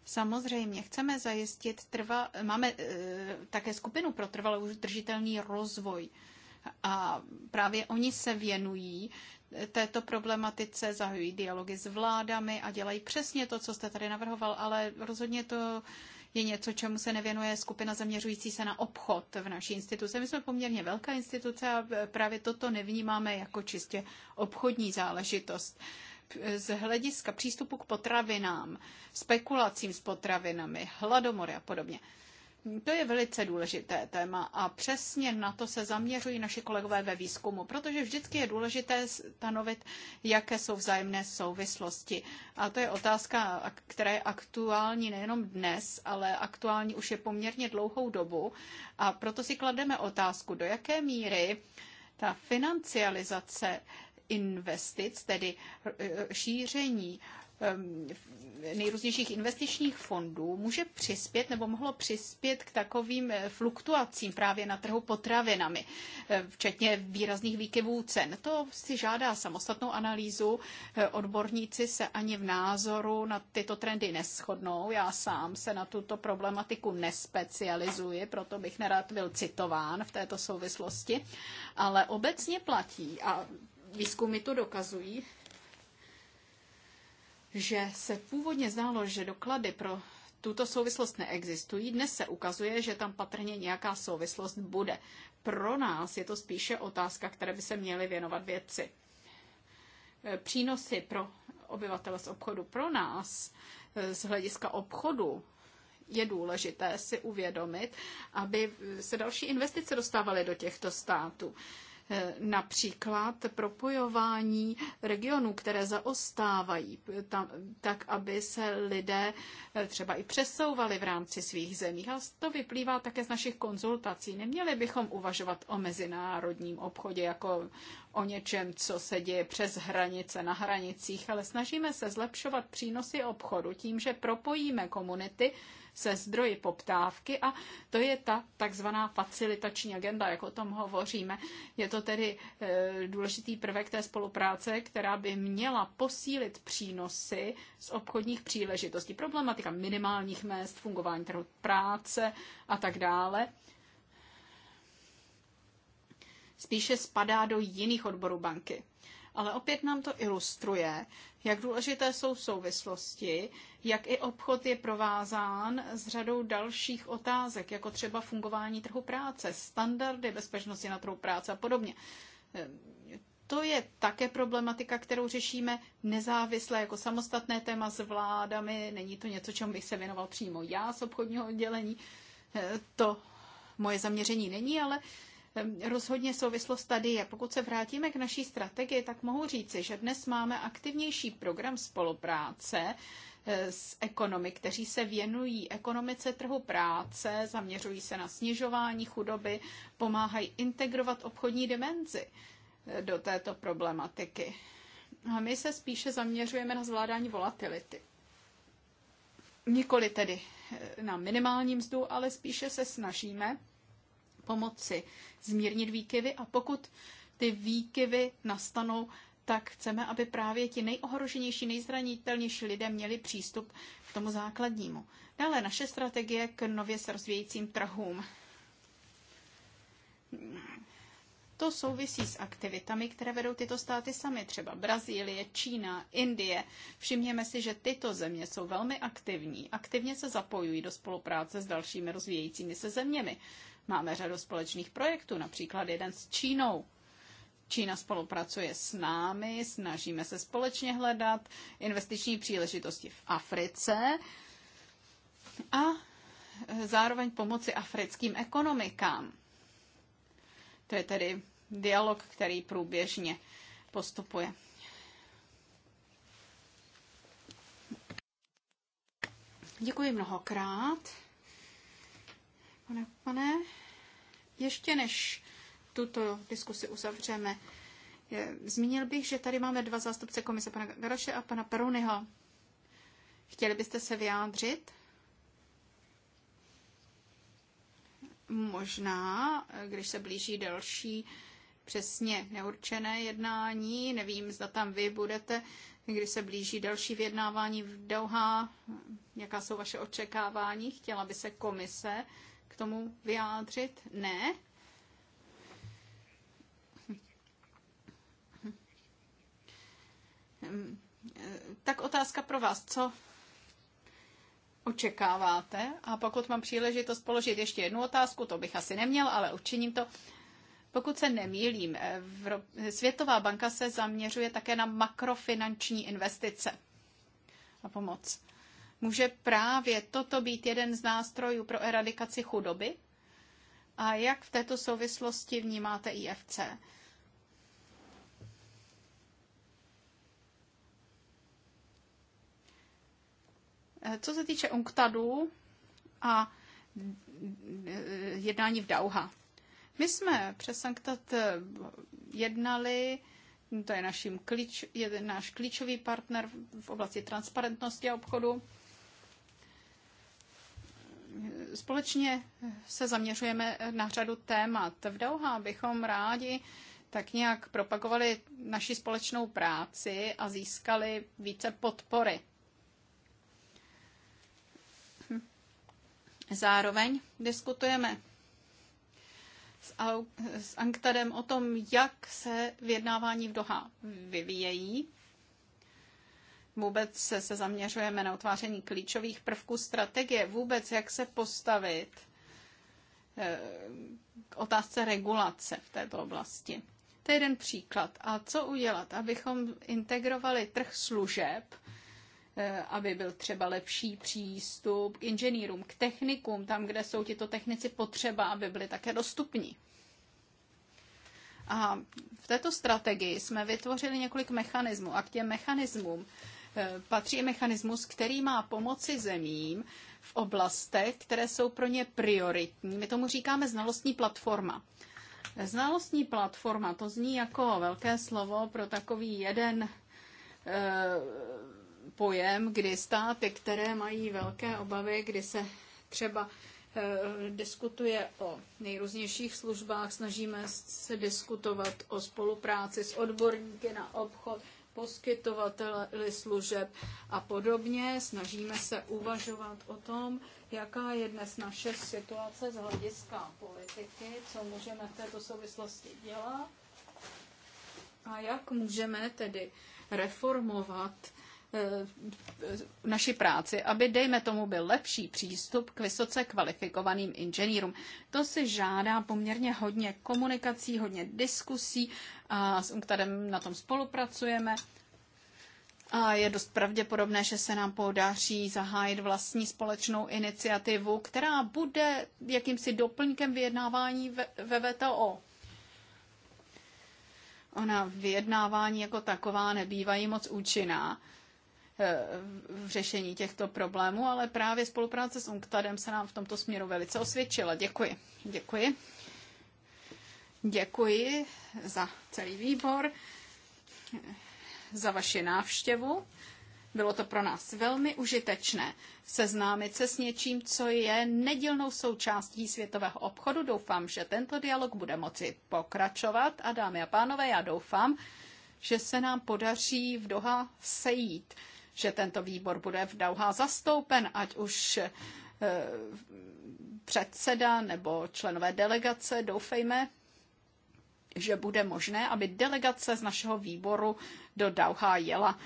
Samozřejmě chceme zajistit, trva, máme e, také skupinu pro trvalý udržitelný rozvoj. E, a právě oni se věnují této problematice, zahují dialogy s vládami a dělají přesně to, co jste tady navrhoval, ale rozhodně to je něco, čemu se nevěnuje skupina zaměřující se na obchod v naší instituci. My jsme poměrně velká instituce a právě toto nevnímáme jako čistě obchodní záležitost. Z hlediska přístupu k potravinám, spekulacím s potravinami, hladomory a podobně. To je velice důležité téma a přesně na to se zaměřují naši kolegové ve výzkumu, protože vždycky je důležité stanovit, jaké jsou vzájemné souvislosti. A to je otázka, která je aktuální nejenom dnes, ale aktuální už je poměrně dlouhou dobu. A proto si klademe otázku, do jaké míry ta financializace investic, tedy šíření nejrůznějších investičních fondů může přispět nebo mohlo přispět k takovým eh, fluktuacím právě na trhu potravinami, eh, včetně výrazných výkyvů cen. To si žádá samostatnou analýzu. Eh, odborníci se ani v názoru na tyto trendy neschodnou. Já sám se na tuto problematiku nespecializuji, proto bych nerad byl citován v této souvislosti. Ale obecně platí, a výzkumy to dokazují, že se původně zdálo, že doklady pro tuto souvislost neexistují. Dnes se ukazuje, že tam patrně nějaká souvislost bude. Pro nás je to spíše otázka, které by se měly věnovat vědci. E, přínosy pro obyvatele z obchodu pro nás e, z hlediska obchodu je důležité si uvědomit, aby se další investice dostávaly do těchto států. Eh, například propojování regionů, které zaostávají, eh, tak aby se lidé eh, třeba i přesouvali v rámci svých zemí. A to vyplývá také z našich konzultací. Neměli bychom uvažovat o mezinárodním obchodě jako o něčem, co se děje přes hranice, na hranicích, ale snažíme se zlepšovat přínosy obchodu tím, že propojíme komunity, se zdroji poptávky a to je ta takzvaná facilitační agenda, jak o tom hovoříme. Je to tedy e, důležitý prvek té spolupráce, která by měla posílit přínosy z obchodních příležitostí. Problematika minimálních mest, fungování trhu práce a tak dále spíše spadá do jiných odborů banky ale opět nám to ilustruje, jak důležité jsou souvislosti, jak i obchod je provázán s řadou dalších otázek, jako třeba fungování trhu práce, standardy bezpečnosti na trhu práce a podobně. Eh, to je také problematika, kterou řešíme nezávisle jako samostatné téma s vládami. Není to něco, čemu bych se věnoval přímo já z obchodního oddělení. Eh, to moje zaměření není, ale rozhodně souvislost tady je. Pokud se vrátíme k naší strategii, tak mohu říci, že dnes máme aktivnější program spolupráce eh, s ekonomy, kteří se věnují ekonomice trhu práce, zaměřují se na snižování chudoby, pomáhají integrovat obchodní dimenzi eh, do této problematiky. A my se spíše zaměřujeme na zvládání volatility. Nikoli tedy eh, na minimální mzdu, ale spíše se snažíme pomoci zmírnit výkyvy a pokud ty výkyvy nastanou, tak chceme, aby právě ti nejohroženější, nejzranitelnější lidé měli přístup k tomu základnímu. Dále naše strategie k nově se rozvíjejícím trhům. To souvisí s aktivitami, které vedou tyto státy sami, třeba Brazílie, Čína, Indie. Všimněme si, že tyto země jsou velmi aktivní. Aktivně se zapojují do spolupráce s dalšími rozvíjejícími se zeměmi. Máme řadu společných projektů, například jeden s Čínou. Čína spolupracuje s námi, snažíme se společně hledat investiční příležitosti v Africe a zároveň pomoci africkým ekonomikám. To je tedy dialog, který průběžně postupuje. Děkuji mnohokrát. Pane, pane, ještě než tuto diskusi uzavřeme, zmínil bych, že tady máme dva zástupce komise, pana Garoše a pana Peruniho. Chtěli byste se vyjádřit? Možná, když se blíží další přesně neurčené jednání, nevím, zda tam vy budete, když se blíží další vyjednávání v Doha, jaká jsou vaše očekávání, chtěla by se komise k tomu vyjádřit? Ne? Tak otázka pro vás. Co očekáváte? A pokud mám příležitost položit ještě jednu otázku, to bych asi neměl, ale učiním to. Pokud se nemýlím, Světová banka se zaměřuje také na makrofinanční investice a pomoc. Může právě toto být jeden z nástrojů pro eradikaci chudoby? A jak v této souvislosti vnímáte IFC? Eh, co se týče UNCTADu a eh, jednání v Dauha. My jsme přes Sanktat eh, jednali, to je, naším klíč, je náš klíčový partner v oblasti transparentnosti a obchodu, Společně se zaměřujeme na řadu témat. V Dauha bychom rádi tak nějak propagovali naši společnou práci a získali více podpory. Zároveň diskutujeme s, Anktadem o tom, jak se vyjednávání v Doha vyvíjejí Vůbec se, se zaměřujeme na utváření klíčových prvků strategie. Vůbec jak se postavit eh, k otázce regulace v této oblasti. To je jeden příklad. A co udělat, abychom integrovali trh služeb, eh, aby byl třeba lepší přístup k inženýrům, k technikům, tam, kde jsou tito technici potřeba, aby byli také dostupní. A v této strategii jsme vytvořili několik mechanismů a k těm mechanismům Eh, patří mechanismus, který má pomoci zemím v oblastech, které jsou pro ně prioritní. My tomu říkáme znalostní platforma. Znalostní platforma, to zní jako velké slovo pro takový jeden eh, pojem, kdy státy, které mají velké obavy, kdy se třeba eh, diskutuje o nejrůznějších službách, snažíme se diskutovat o spolupráci s odborníky na obchod, poskytovateli služeb a podobně. Snažíme se uvažovat o tom, jaká je dnes naše situace z hlediska politiky, co můžeme v této souvislosti dělat a jak můžeme tedy reformovat eh, naši práci, aby, dejme tomu, byl lepší přístup k vysoce kvalifikovaným inženýrům. To si žádá poměrně hodně komunikací, hodně diskusí, a s UNCTADem na tom spolupracujeme. A je dost pravděpodobné, že se nám podaří zahájit vlastní společnou iniciativu, která bude jakýmsi doplňkem vyjednávání ve, ve VTO. Ona vyjednávání jako taková nebývají moc účinná eh, v řešení těchto problémů, ale právě spolupráce s UNCTADem se nám v tomto směru velice osvědčila. Děkuji. Děkuji. Děkuji za celý výbor, za vaši návštěvu. Bylo to pro nás velmi užitečné seznámit se s něčím, co je nedílnou součástí světového obchodu. Doufám, že tento dialog bude moci pokračovat. A dámy a pánové, já doufám, že se nám podaří v Doha sejít, že tento výbor bude v Doha zastoupen, ať už eh, předseda nebo členové delegace, doufejme, že bude možné, aby delegace z našeho výboru do Dauha jela.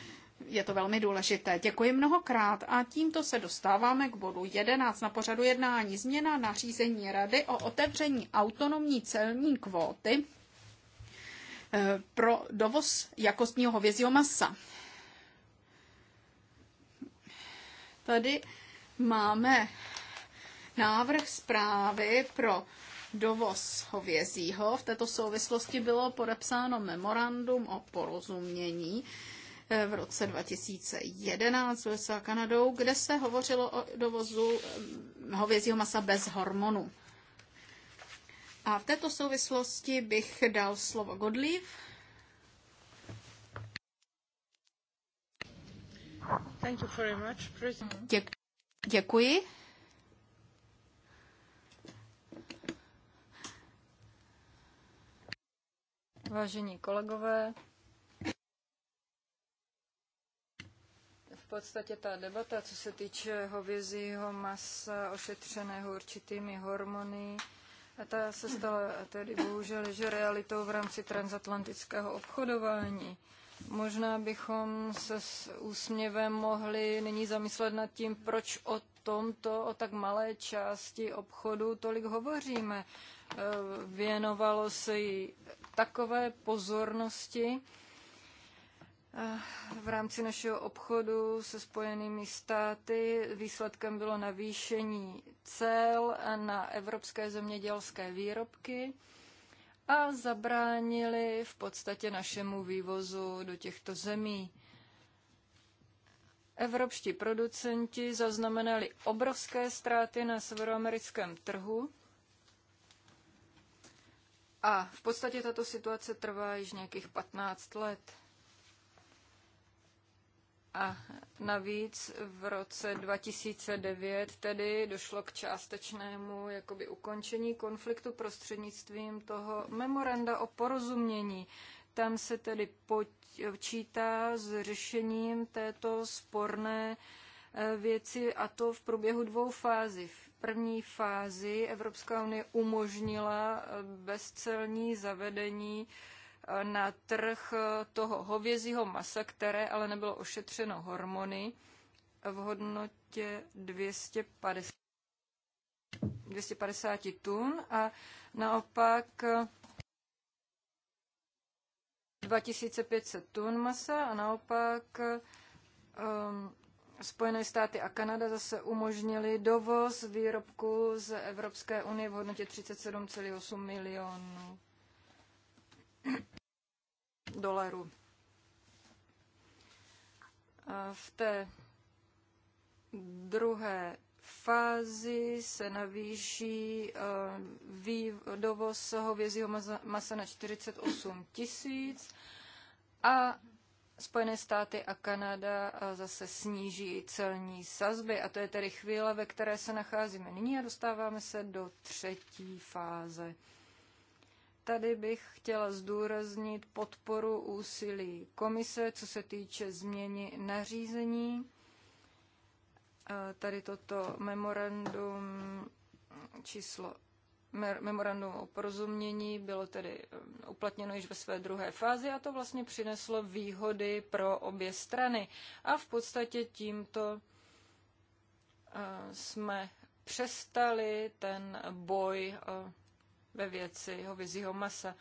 Je to velmi důležité. Děkuji mnohokrát a tímto se dostáváme k bodu 11 na pořadu jednání změna nařízení Rady o otevření autonomní celní kvóty eh, pro dovoz jakostního hovězího masa. Tady máme návrh zprávy pro dovoz hovězího. V této souvislosti bylo podepsáno memorandum o porozumění eh, v roce 2011 USA Kanadou, kde se hovořilo o dovozu eh, hovězího masa bez hormonů. A v této souvislosti bych dal slovo Godlív. Thank you very much, Děkuji. Vážení kolegové, v podstatě ta debata, co se týče hovězího masa ošetřeného určitými hormony, a ta se stala tedy bohužel že realitou v rámci transatlantického obchodování. Možná bychom se s úsměvem mohli nyní zamyslet nad tím, proč o tomto, o tak malé části obchodu tolik hovoříme věnovalo se jí takové pozornosti eh, v rámci našeho obchodu se Spojenými státy. Výsledkem bylo navýšení cel na evropské zemědělské výrobky a zabránili v podstatě našemu vývozu do těchto zemí. Evropští producenti zaznamenali obrovské ztráty na severoamerickém trhu a v podstatě tato situace trvá již nějakých 15 let. A navíc v roce 2009 tedy došlo k částečnému jakoby ukončení konfliktu prostřednictvím toho memoranda o porozumění. Tam se tedy počítá s řešením této sporné eh, věci a to v průběhu dvou fází první fázi Evropská unie umožnila eh, bezcelní zavedení eh, na trh eh, toho hovězího masa, které ale nebylo ošetřeno hormony v hodnotě 250, 250 tun a naopak 2500 tun masa a naopak um, Spojené státy a Kanada zase umožnili dovoz výrobku z Evropské unie v hodnotě 37,8 milionů dolarů. V té druhé fázi se navýší eh, dovoz hovězího masa na 48 tisíc a Spojené státy a Kanada zase sníží celní sazby a to je tedy chvíle, ve které se nacházíme nyní a dostáváme se do třetí fáze. Tady bych chtěla zdůraznit podporu úsilí komise, co se týče změny nařízení. tady toto memorandum číslo memorandum o porozumění bylo tedy eh, uplatněno již ve své druhé fázi a to vlastně přineslo výhody pro obě strany. A v podstatě tímto eh, jsme přestali ten boj eh, ve věci hovězího masa.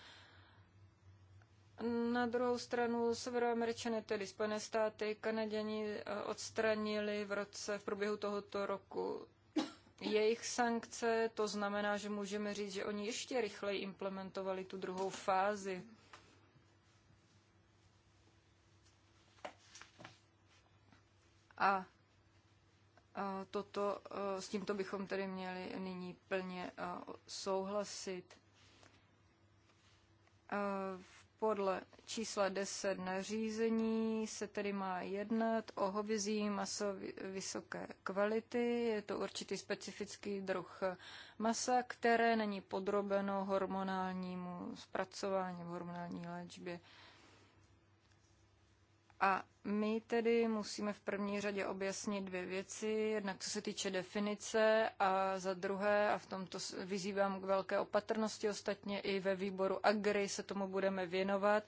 Na druhou stranu severoameričané, tedy Spojené státy, Kanaděni odstranili v roce, v průběhu tohoto roku jejich sankce, to znamená, že můžeme říct, že oni ještě rychleji implementovali tu druhou fázi. A toto, e, s tímto bychom tedy měli nyní plně e, souhlasit. V e, podle čísla 10 nařízení se tedy má jednat o hovězí maso vysoké kvality. Je to určitý specifický druh masa, které není podrobeno hormonálnímu zpracování, hormonální léčbě. A my tedy musíme v první řadě objasnit dvě věci, jednak co se týče definice a za druhé, a v tomto vyzývám k velké opatrnosti, ostatně i ve výboru Agri se tomu budeme věnovat.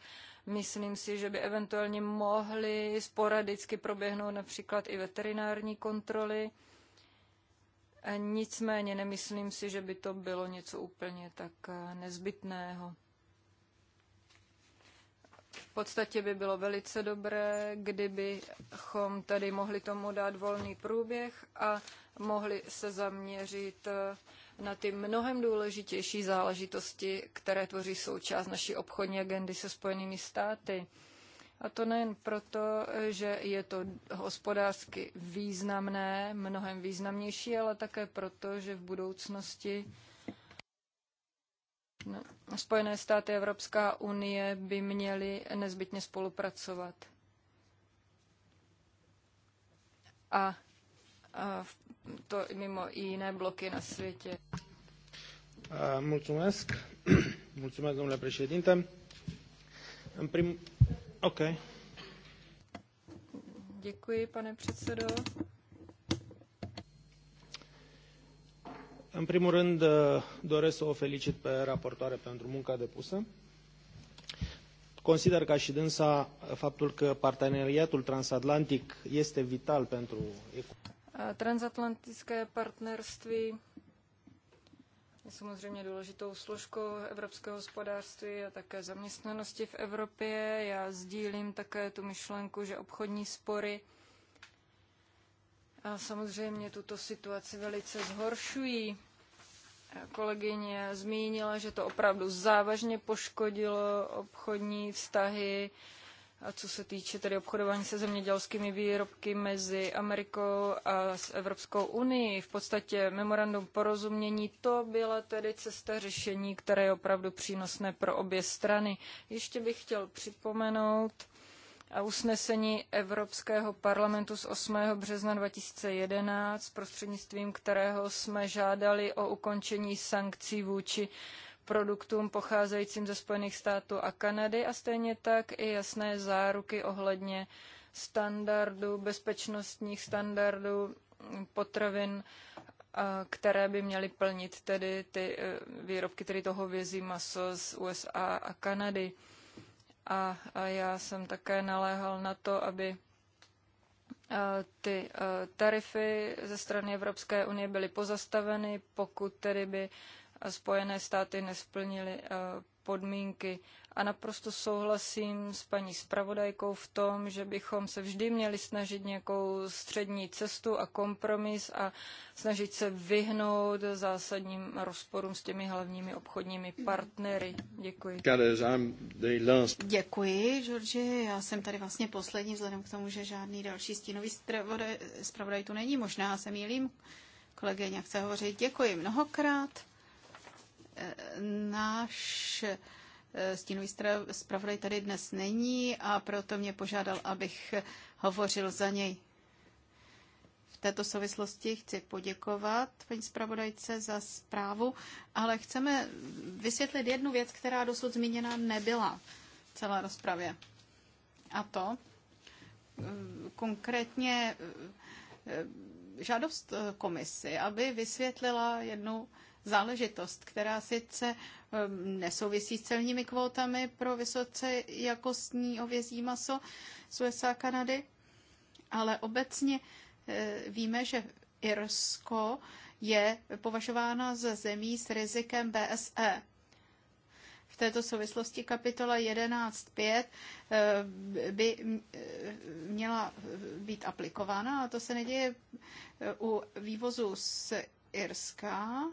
Myslím si, že by eventuálně mohly sporadicky proběhnout například i veterinární kontroly. Nicméně nemyslím si, že by to bylo něco úplně tak eh, nezbytného. V podstatě by bylo velice dobré, kdybychom tady mohli tomu dát volný průběh a mohli se zaměřit eh, na ty mnohem důležitější záležitosti, které tvoří součást naší obchodní agendy se Spojenými státy. A to nejen proto, že je to hospodářsky významné, mnohem významnější, ale také proto, že v budoucnosti Všechno. Spojené státy a Evropská unie by měly nezbytně spolupracovat. A, a to mimo i jiné bloky na světě. Mulțumesc. *clears throat* Mulțumesc, domnule președinte. În prim... OK. Děkuji, pane předsedo. În primul rând, uh, doresc să o felicit pe raportoare pentru munca depusă. Consider ca și dânsa faptul că parteneriatul transatlantic este vital pentru... Transatlantické partnerství je samozřejmě důležitou složkou evropského hospodářství a také zaměstnanosti v Evropě. Já sdílím také tu myšlenku, že obchodní spory a samozřejmě tuto situaci velice zhoršují kolegyně zmínila, že to opravdu závažně poškodilo obchodní vztahy, a co se týče tedy obchodování se zemědělskými výrobky mezi Amerikou a s Evropskou unii, v podstatě memorandum porozumění, to byla tedy cesta řešení, které je opravdu přínosné pro obě strany. Ještě bych chtěl připomenout, a usnesení Evropského parlamentu z 8. března 2011, prostřednictvím kterého jsme žádali o ukončení sankcí vůči produktům pocházejícím ze Spojených států a Kanady a stejně tak i jasné záruky ohledně standardů, bezpečnostních standardů potravin, které by měly plnit tedy ty e, výrobky, tedy to hovězí maso z USA a Kanady a, a já jsem také naléhal na to, aby e, ty e, tarify ze strany Evropské unie byly pozastaveny, pokud tedy by Spojené státy nesplnily e, podmínky. A naprosto souhlasím s paní zpravodajkou v tom, že bychom se vždy měli snažit nějakou střední cestu a kompromis a snažit se vyhnout zásadním rozporům s těmi hlavními obchodními partnery. Děkuji. Děkuji, Georgi. Já jsem tady vlastně poslední, vzhledem k tomu, že žádný další stínový zpravodaj tu není. Možná se mýlím. Kolegyně chce hovořit. Děkuji mnohokrát. Náš eh, stínový zpravodaj tady dnes není a proto mě požádal, abych hovořil za něj. V této souvislosti chci poděkovat paní zpravodajce za zprávu, ale chceme vysvětlit jednu věc, která dosud zmíněna nebyla v celé rozpravě. A to eh, konkrétně eh, žádost komisi, aby vysvětlila jednu záležitost, která sice um, nesouvisí s celními kvótami pro vysoce jakostní ovězí maso z USA a Kanady, ale obecně eh, víme, že Irsko je považována za zemí s rizikem BSE. V této souvislosti kapitola 11.5 eh, by eh, měla být aplikována a to se neděje u vývozu z Irska,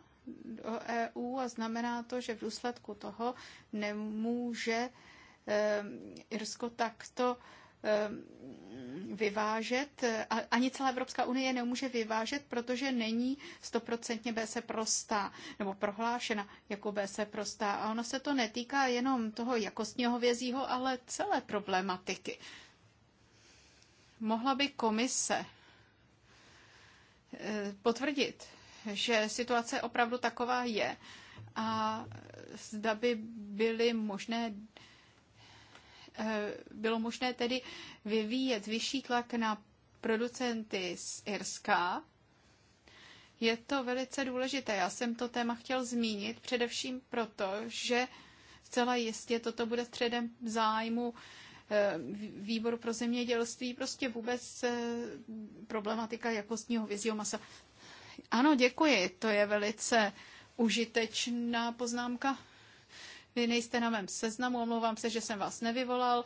do EU a znamená to, že v důsledku toho nemůže ehm, Irsko takto ehm, vyvážet, ani celá Evropská unie nemůže vyvážet, protože není stoprocentně BS e prostá, nebo prohlášena jako BS e prostá. A ono se to netýká jenom toho jakostního vězího, ale celé problematiky. Mohla by komise eh, potvrdit, že situace opravdu taková je a zda by byly možné eh, bylo možné tedy vyvíjet vyšší tlak na producenty z Irska. Je to velice důležité. Já jsem to téma chtěl zmínit především proto, že zcela jistě toto bude středem zájmu eh, výboru pro zemědělství, prostě vůbec eh, problematika jakostního vizího masa. Ano, děkuji. To je velice užitečná poznámka. Vy nejste na mém seznamu, omlouvám se, že jsem vás nevyvolal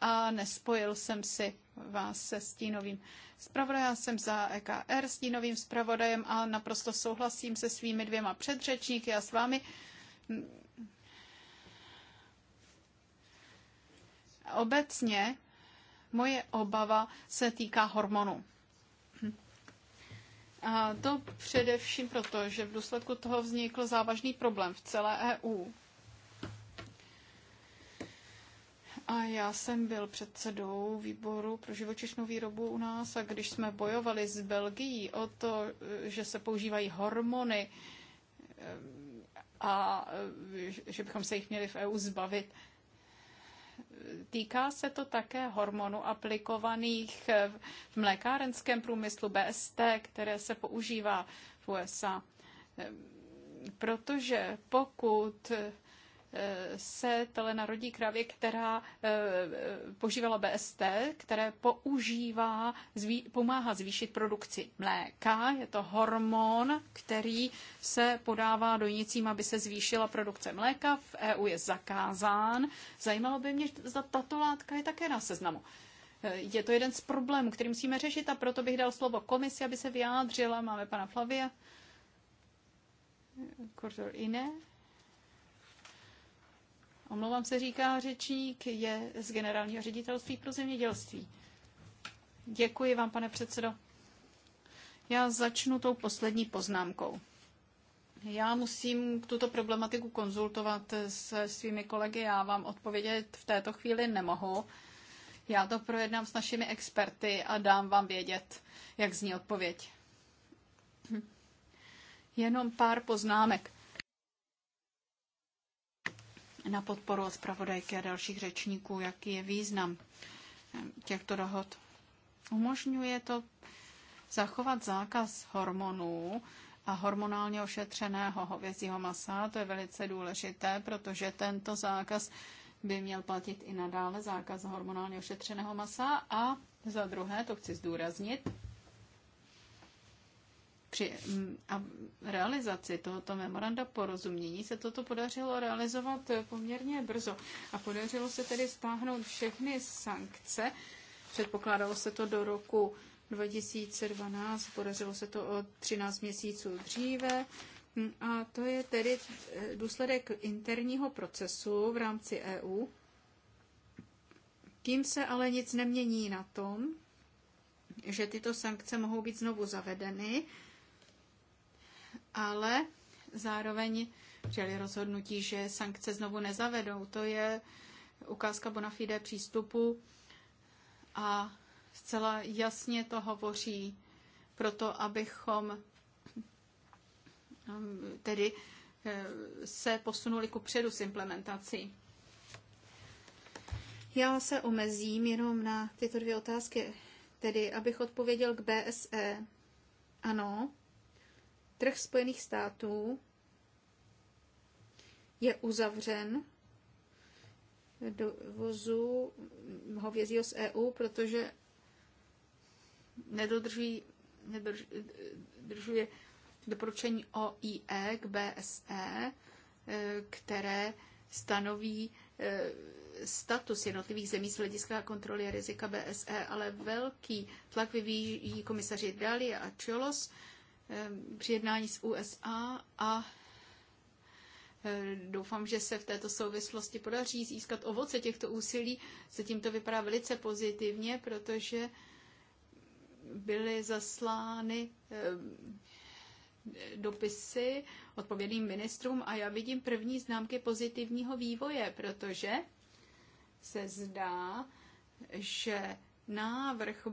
a nespojil jsem si vás se stínovým zpravodajem. Jsem za EKR stínovým zpravodajem a naprosto souhlasím se svými dvěma předřečníky a s vámi. Obecně moje obava se týká hormonů. A to především proto, že v důsledku toho vznikl závažný problém v celé EU. A já jsem byl předsedou výboru pro živočišnou výrobu u nás a když jsme bojovali s Belgií o to, že se používají hormony eh, a eh, že bychom se jich měli v EU zbavit, Týká se to také hormonů aplikovaných v mlékárenském průmyslu BST, které se používá v USA. Protože pokud se tele narodí kravě, která eh, požívala BST, které používá, pomáhá zvýšit produkci mléka. Je to hormon, který se podává dojnicím, aby se zvýšila produkce mléka. V EU je zakázán. Zajímalo by mě, zda tato látka je také na seznamu. Eh, je to jeden z problémů, který musíme řešit a proto bych dal slovo komisi, aby se vyjádřila. Máme pana Flavia. Kurzor iné omlouvám se, říká řečník, je z generálního ředitelství pro zemědělství. Děkuji vám, pane předsedo. Já začnu tou poslední poznámkou. Já musím tuto problematiku konzultovat se svými kolegy, já vám odpovědět v této chvíli nemohu. Já to projednám s našimi experty a dám vám vědět, jak zní odpověď. Hm. Jenom pár poznámek na podporu od zpravodajky a dalších řečníků, jaký je význam eh, těchto dohod. Umožňuje to zachovat zákaz hormonů a hormonálně ošetřeného hovězího masa. To je velice důležité, protože tento zákaz by měl platit i nadále zákaz hormonálně ošetřeného masa. A za druhé, to chci zdůraznit, při mm, a realizaci tohoto memoranda porozumění se toto podařilo realizovat poměrně brzo a podařilo se tedy stáhnout všechny sankce. Předpokládalo se to do roku 2012, podařilo se to o 13 měsíců dříve. Mm, a to je tedy eh, důsledek interního procesu v rámci EU. Tím se ale nic nemění na tom, že tyto sankce mohou být znovu zavedeny ale zároveň přijeli rozhodnutí, že sankce znovu nezavedou. To je ukázka bona fide přístupu a zcela jasně to hovoří proto, abychom mm, tedy eh, se posunuli ku předu s implementací. Já se omezím jenom na tyto dvě otázky, tedy abych odpověděl k BSE. Ano, Trh Spojených států je uzavřen dovozu hovězího z EU, protože nedodrží, nedržuje doporučení OIE k BSE, eh, které stanoví eh, status jednotlivých zemí z hlediska kontroly rizika BSE, ale velký tlak vyvíjí komisaři Dalia a Čolos Eh, při jednání s USA a eh, Doufám, že se v této souvislosti podaří získat ovoce těchto úsilí. Zatím to vypadá velice pozitivně, protože byly zaslány eh, dopisy odpovědným ministrům a já vidím první známky pozitivního vývoje, protože se zdá, že návrh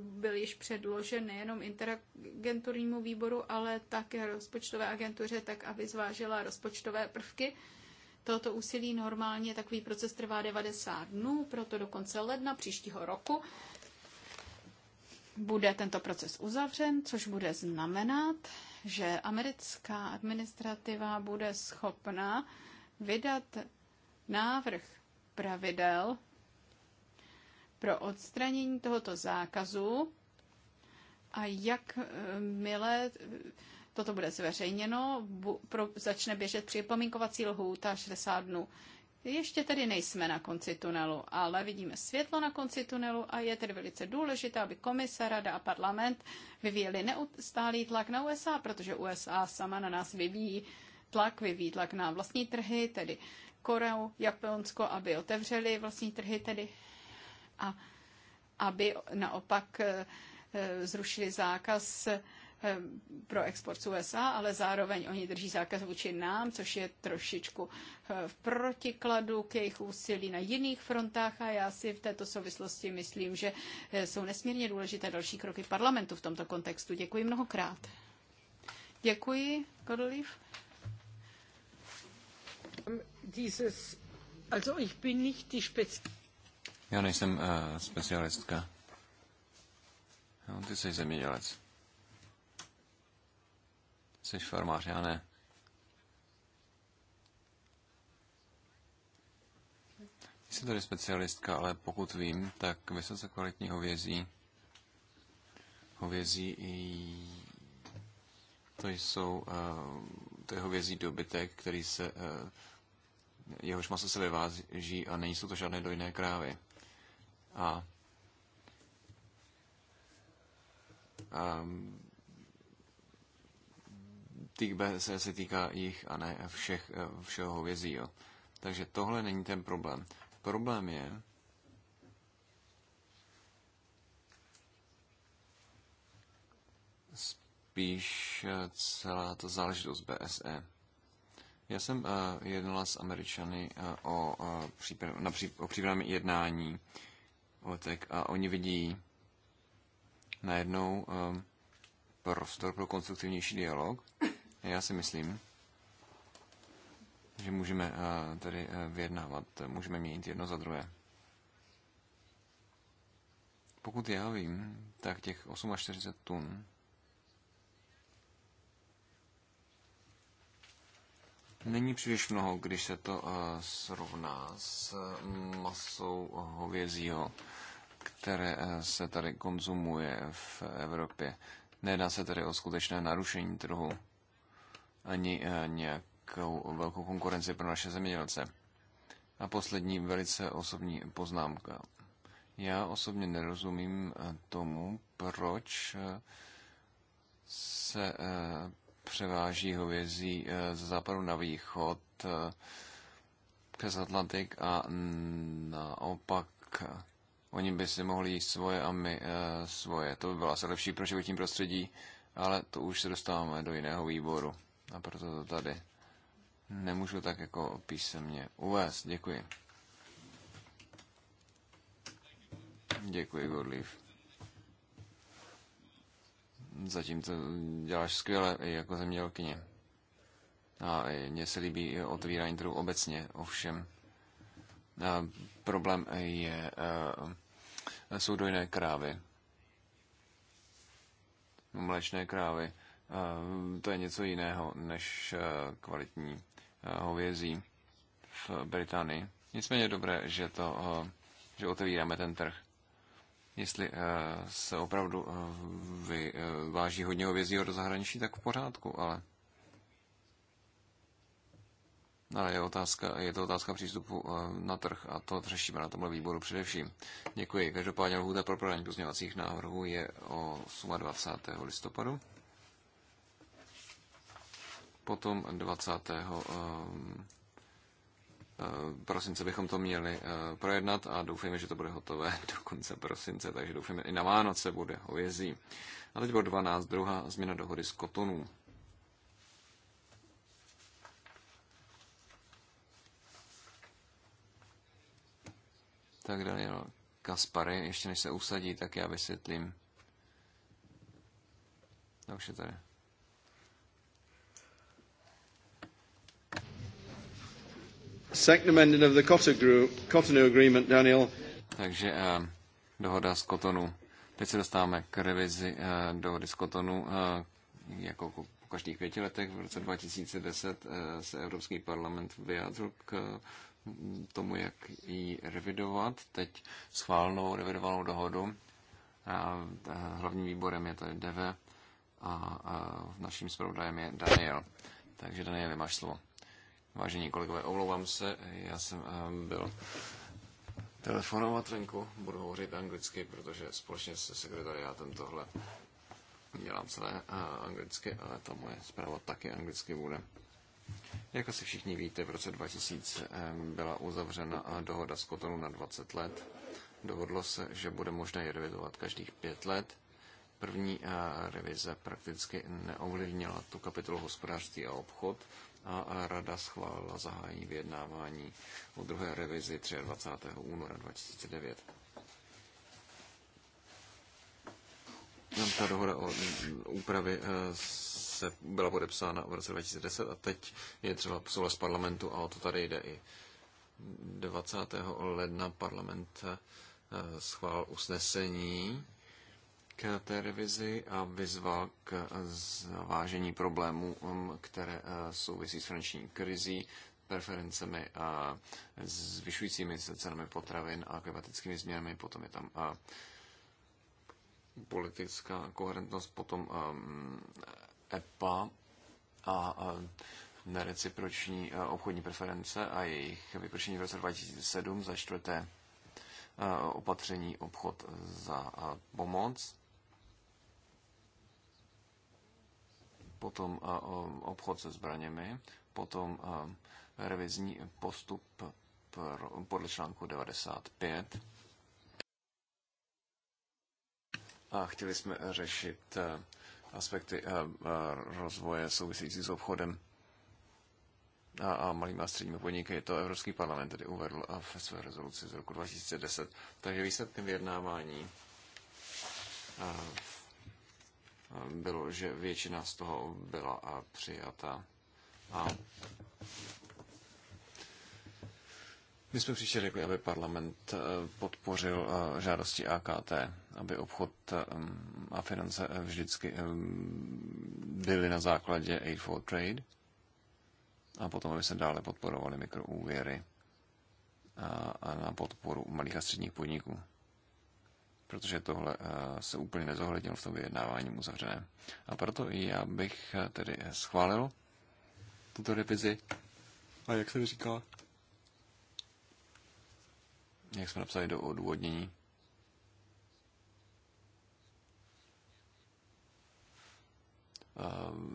byl již předložen nejenom interagenturnímu výboru, ale také rozpočtové agentuře, tak aby zvážila rozpočtové prvky. Toto úsilí normálně takový proces trvá 90 dnů, proto do konce ledna příštího roku bude tento proces uzavřen, což bude znamenat, že americká administrativa bude schopna vydat návrh pravidel pro odstranění tohoto zákazu a jak eh, milé toto bude zveřejněno, pro, začne běžet připomínkovací lhůta 60 dnů. Ještě tedy nejsme na konci tunelu, ale vidíme světlo na konci tunelu a je tedy velice důležité, aby komise, rada a parlament vyvíjeli neustálý tlak na USA, protože USA sama na nás vyvíjí tlak, vyvíjí tlak na vlastní trhy, tedy Koreu, Japonsko, aby otevřeli vlastní trhy, tedy a aby naopak eh, eh, zrušili zákaz eh, pro export z USA, ale zároveň oni drží zákaz vůči nám, což je trošičku v protikladu k jejich úsilí na jiných frontách a já si v této souvislosti myslím, že jsou nesmírně důležité další kroky parlamentu v tomto kontextu. Děkuji mnohokrát. Děkuji, Godoliv. Dieses, also ich bin nicht die Spezi já nejsem uh, specialistka. No, ty jsi zemědělec. Jsi farmář, já ne. Jsem tady specialistka, ale pokud vím, tak vysoce kvalitní hovězí. Hovězí i... To jsou... Uh, to je hovězí dobytek, který se... Uh, jehož maso se vyváží a nejsou to žádné dojné krávy. A, a týkbe se, se týká jich a ne všech, eh, všeho jo. Takže tohle není ten problém. Problém je, spíš celá ta záležitost BSE. Já jsem uh, jednala s Američany uh, o, uh, příprav, na o přípravě jednání letek a oni vidí najednou um, prostor pro konstruktivnější dialog. Já si myslím, že můžeme uh, tady uh, vyjednávat, můžeme měnit jedno za druhé. Pokud já vím, tak těch 48 tun není příliš mnoho, když se to eh, srovná s mm, masou hovězího, které eh, se tady konzumuje v Evropě. Nedá se tedy o skutečné narušení trhu ani eh, nějakou velkou konkurenci pro naše zemědělce. A poslední velice osobní poznámka. Já osobně nerozumím tomu, proč se převáží hovězí eh, ze západu na východ eh, přes Atlantik a naopak oni by si mohli jíst svoje a my eh, svoje. To by bylo asi lepší pro životní prostředí, ale to už se dostáváme do jiného výboru a proto to tady nemůžu tak jako písemně uvést. Děkuji. Děkuji, Godliv. Zatím to děláš skvěle i jako zemědělkyně. A mně se líbí otvírání trhu obecně, ovšem. A problém je, jsou dojné krávy. No, mléčné krávy. To je něco jiného než kvalitní hovězí v Británii. Nicméně je dobré, že, to, že otevíráme ten trh. Jestli eh, se opravdu eh, eh, váží hodně hovězího do zahraničí, tak v pořádku, ale ale je, otázka, je to otázka přístupu na trh a to řešíme na tomhle výboru především. Děkuji. Každopádně lhůta pro podání pozměňovacích návrhů je o 28. listopadu. Potom 20. Eh, prosince bychom to měli eh, projednat a doufejme, že to bude hotové *laughs* do konce prosince, takže doufejme i na Vánoce bude hovězí. A teď bod 12, druhá změna dohody z kotonů. Tak Daniel Kaspary, ještě než se usadí, tak já vysvětlím. Tak už je tady. Takže uh, dohoda z Kotonu. Teď se dostáváme k revizi uh, dohody z Kotonu. Uh, jako po každých pěti letech v roce 2010 uh, se Evropský parlament vyjádřil k uh, tomu, jak ji revidovat. Teď schválnou revidovanou dohodu. A, hlavním výborem je to DV a, a naším zpravodajem je Daniel. Takže Daniel, máš slovo. Vážení kolegové, omlouvám se, já jsem ehm, byl telefonovat venku, budu hovořit anglicky, protože společně se sekretariátem tohle dělám celé eh, anglicky, ale ta moje zpráva taky anglicky bude. Jak asi všichni víte, v roce 2000 ehm, byla uzavřena eh, dohoda s Kotonu na 20 let. Dohodlo se, že bude možné revidovat každých pět let. První eh, revize prakticky neovlivnila tu kapitolu hospodářství a obchod, a rada schválila zahájení vyjednávání o druhé revizi 23. února 2009. Ta dohoda o úpravě eh, se byla podepsána v roce 2010 a teď je třeba souhlas parlamentu a o to tady jde i 20. ledna parlament eh, schválil usnesení k té revizi a vyzval k zvážení problémů, um, které uh, souvisí s finanční krizí, preferencemi a zvyšujícími se cenami potravin a klimatickými změnami. Potom je tam a uh, politická koherentnost, potom um, EPA a nereciproční uh, obchodní preference a jejich vypršení v roce 2007 za čtvrté opatření obchod za pomoc potom obchod se zbraněmi, potom revizní postup podle článku 95. A chtěli jsme řešit aspekty rozvoje související s obchodem a, a malými a středními podniky. To Evropský parlament tedy uvedl ve své rezoluci z roku 2010. Takže výsledkem vyjednávání bylo, že většina z toho byla a přijata. A my jsme příště řekli, aby parlament eh, podpořil eh, žádosti AKT, aby obchod eh, a finance vždycky byly na základě Aid for Trade a potom, aby se dále podporovaly mikroúvěry a na podporu malých a středních podniků protože tohle eh, se úplně nezohlednilo v tom vyjednávání uzavřeném. A proto i já bych eh, tedy eh, schválil tuto revizi. A jak se říkala? Jak jsme napsali do odůvodnění.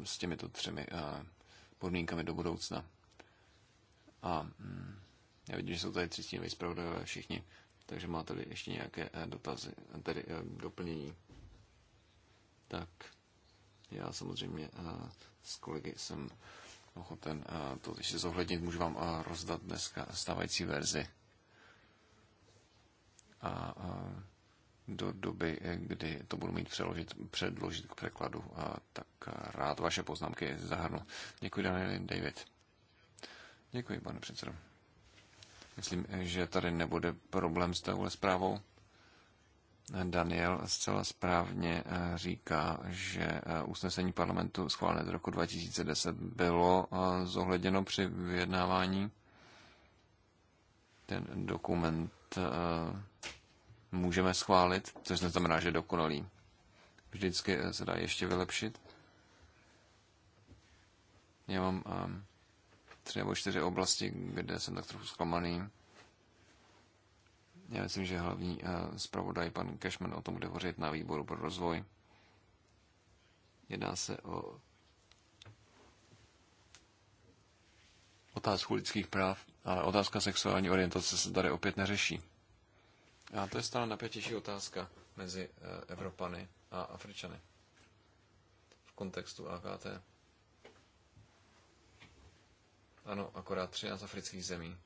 s těmito třemi podmínkami do budoucna. A mm, já vidím, že jsou tady tři stínoví všichni takže máte-li ještě nějaké eh, dotazy, eh, tedy eh, doplnění, tak já samozřejmě s kolegy jsem ochoten to ještě zohlednit. Můžu vám rozdat dneska stávající verzi. A do doby, kdy to budu mít přeložit, předložit k překladu, tak rád vaše poznámky zahrnu. Děkuji, Daniel David. Děkuji, pane předsedo. Myslím, že tady nebude problém s touhle zprávou. Daniel zcela správně eh, říká, že eh, usnesení parlamentu schválené z roku 2010 bylo eh, zohleděno při vyjednávání. Ten dokument můžeme schválit, což neznamená, že dokonalý. Vždycky se dá ještě vylepšit. Já mám tři nebo čtyři oblasti, kde jsem tak trochu zklamaný. Já myslím, že hlavní eh, zpravodaj pan Cashman o tom bude hovořit na výboru pro rozvoj. Jedná se o otázku lidských práv, ale otázka sexuální orientace se tady opět neřeší. A to je stále napětější otázka mezi eh, Evropany a Afričany v kontextu AKT. Ano, akorát 13 afrických zemí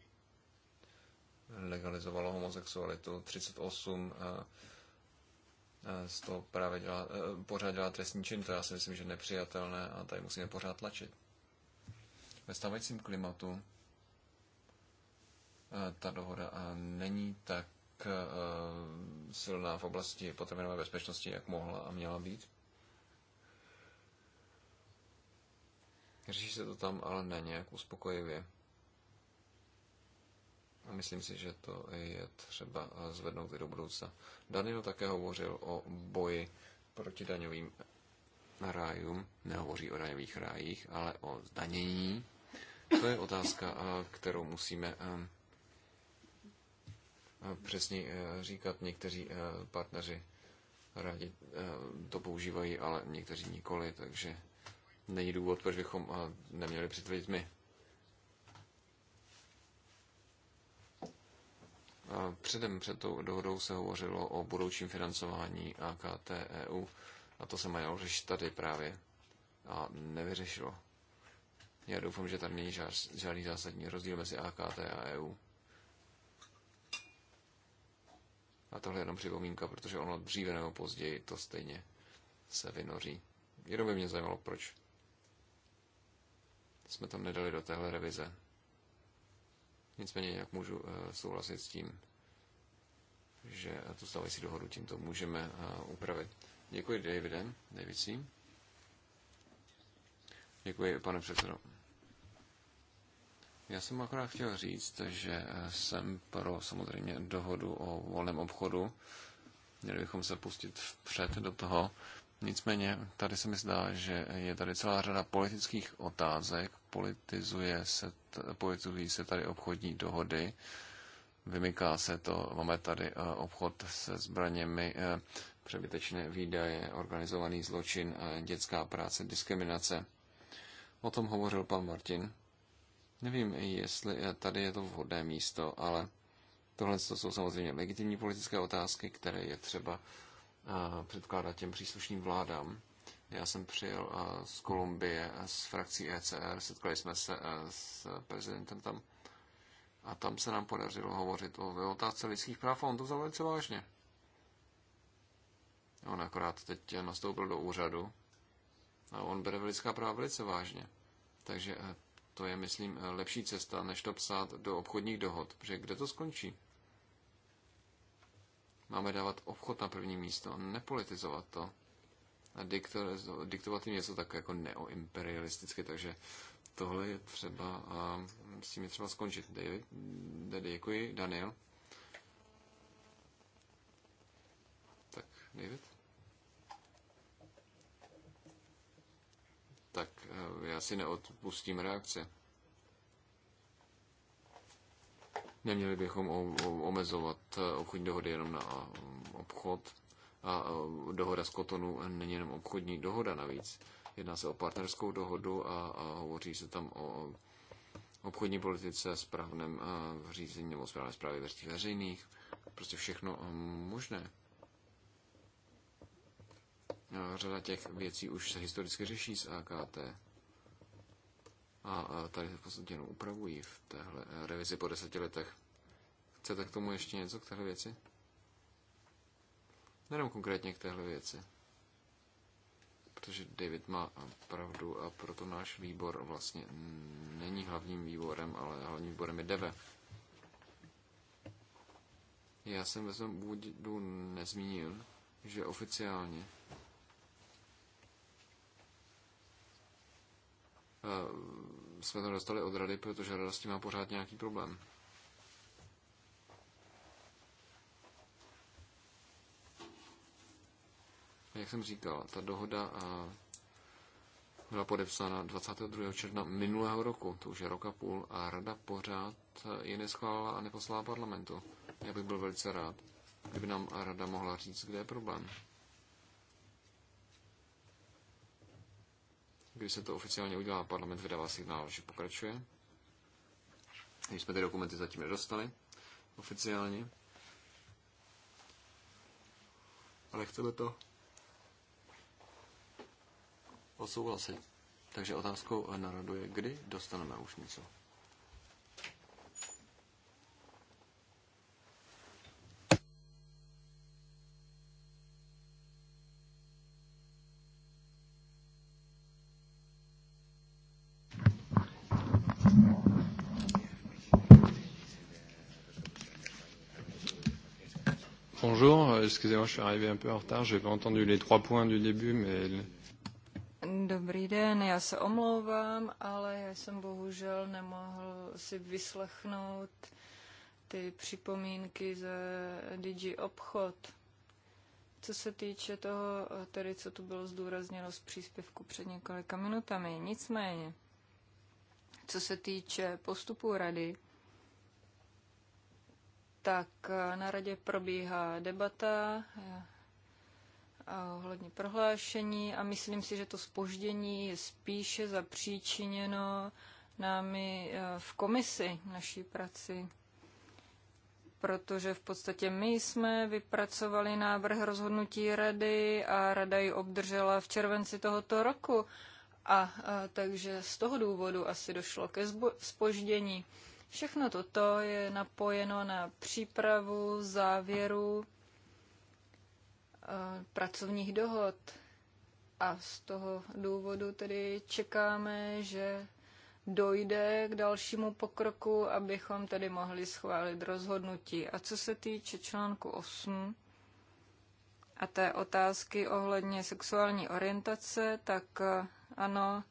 legalizovalo homosexualitu, 38 eh, eh, z toho právě dělá, eh, pořád dělá trestní čin, to já si myslím, že je nepřijatelné a tady musíme pořád tlačit. Ve stávajícím klimatu ta dohoda není tak silná v oblasti potravinové bezpečnosti, jak mohla a měla být. Řeší se to tam, ale ne nějak uspokojivě. A myslím si, že to je třeba eh, zvednout i do budoucna. Danilo také hovořil o boji proti daňovým rájům. Nehovoří o daňových rájích, ale o zdanění. To je otázka, eh, kterou musíme ehm, eh, přesně říkat. Někteří partneři rádi to používají, ale někteří nikoli, takže není důvod, proč bychom eh, neměli přitvrdit my. Předem před tou dohodou se hovořilo o budoucím financování AKT EU a to se mělo řešit tady právě a nevyřešilo. Já doufám, že tam není žádný zásadní rozdíl mezi AKT a EU. A tohle je jenom připomínka, protože ono dříve nebo později to stejně se vynoří. Jenom by mě zajímalo, proč jsme tam nedali do téhle revize. Nicméně, jak můžu eh, souhlasit s tím, že eh, tu stávající dohodu tímto můžeme eh, upravit. Děkuji Davidem, Davicí. Děkuji, pane předsedo. Já jsem akorát chtěl říct, že jsem pro samozřejmě dohodu o volném obchodu. Měli bychom se pustit vpřed do toho. Nicméně tady se mi zdá, že je tady celá řada politických otázek, politizuje se, politizují se tady obchodní dohody, vymyká se to, máme tady eh, obchod se zbraněmi, eh, přebytečné výdaje, organizovaný zločin, eh, dětská práce, diskriminace. O tom hovořil pan Martin. Nevím, jestli tady je to vhodné místo, ale tohle jsou samozřejmě legitimní politické otázky, které je třeba předkládat těm příslušným vládám. Já jsem přijel eh, z Kolumbie eh, z frakcí ECR, setkali jsme se eh, s prezidentem tam a tam se nám podařilo hovořit o otázce lidských práv a on to vzal velice vážně. On akorát teď nastoupil do úřadu a on bere lidská práva velice vážně. Takže to je, myslím, lepší cesta, než to psát do obchodních dohod, protože kde to skončí? Máme dávat obchod na první místo, nepolitizovat to. A diktovat jim něco tak jako neoimperialisticky, takže tohle je třeba, a s tím je třeba skončit. David, děkuji, Daniel. Tak, David? Tak eh, já si neodpustím reakce. Neměli bychom omezovat eh, obchodní dohody jenom na eh, obchod, a dohoda z Kotonu není jenom obchodní dohoda navíc. Jedná se o partnerskou dohodu a, a hovoří se tam o obchodní politice, správném řízení nebo správné zprávě věcí veřejných. Prostě všechno možné. Řada těch věcí už se historicky řeší s AKT. A tady se v podstatě jenom upravují v téhle revizi po deseti letech. Chcete k tomu ještě něco k téhle věci? Nenom konkrétně k téhle věci. Protože David má pravdu a proto náš výbor vlastně není hlavním výborem, ale hlavním výborem je DEVE. Já jsem ve svém úvodu nezmínil, že oficiálně eh, jsme to dostali od rady, protože rada s tím má pořád nějaký problém. jak jsem říkal, ta dohoda eh, byla podepsána 22. června minulého roku, to už je rok a půl, a rada pořád je neschválila a neposlala parlamentu. Já bych byl velice rád, kdyby nám rada mohla říct, kde je problém. Když se to oficiálně udělá, parlament vydává signál, že pokračuje. Když jsme ty dokumenty zatím nedostali oficiálně. Ale chceme to odsouhlasit. Takže otázkou národu je, kdy dostaneme už něco. Bonjour, excusez-moi, je suis arrivé un peu en retard, je n'ai pas entendu les trois points du début, mais Dobrý den, já se omlouvám, ale já jsem bohužel nemohl si vyslechnout ty připomínky ze DG Obchod. Co se týče toho, tedy co tu bylo zdůrazněno z příspěvku před několika minutami. Nicméně, co se týče postupu rady, tak na radě probíhá debata ohledně prohlášení a myslím si, že to spoždění je spíše zapříčiněno námi eh, v komisi naší práci, protože v podstatě my jsme vypracovali návrh rozhodnutí rady a rada ji obdržela v červenci tohoto roku. A, a eh, takže z toho důvodu asi došlo ke spoždění. Všechno toto je napojeno na přípravu závěru Eh, pracovních dohod. A z toho důvodu tedy čekáme, že dojde k dalšímu pokroku, abychom tedy mohli schválit rozhodnutí. A co se týče článku 8 a té otázky ohledně sexuální orientace, tak eh, ano,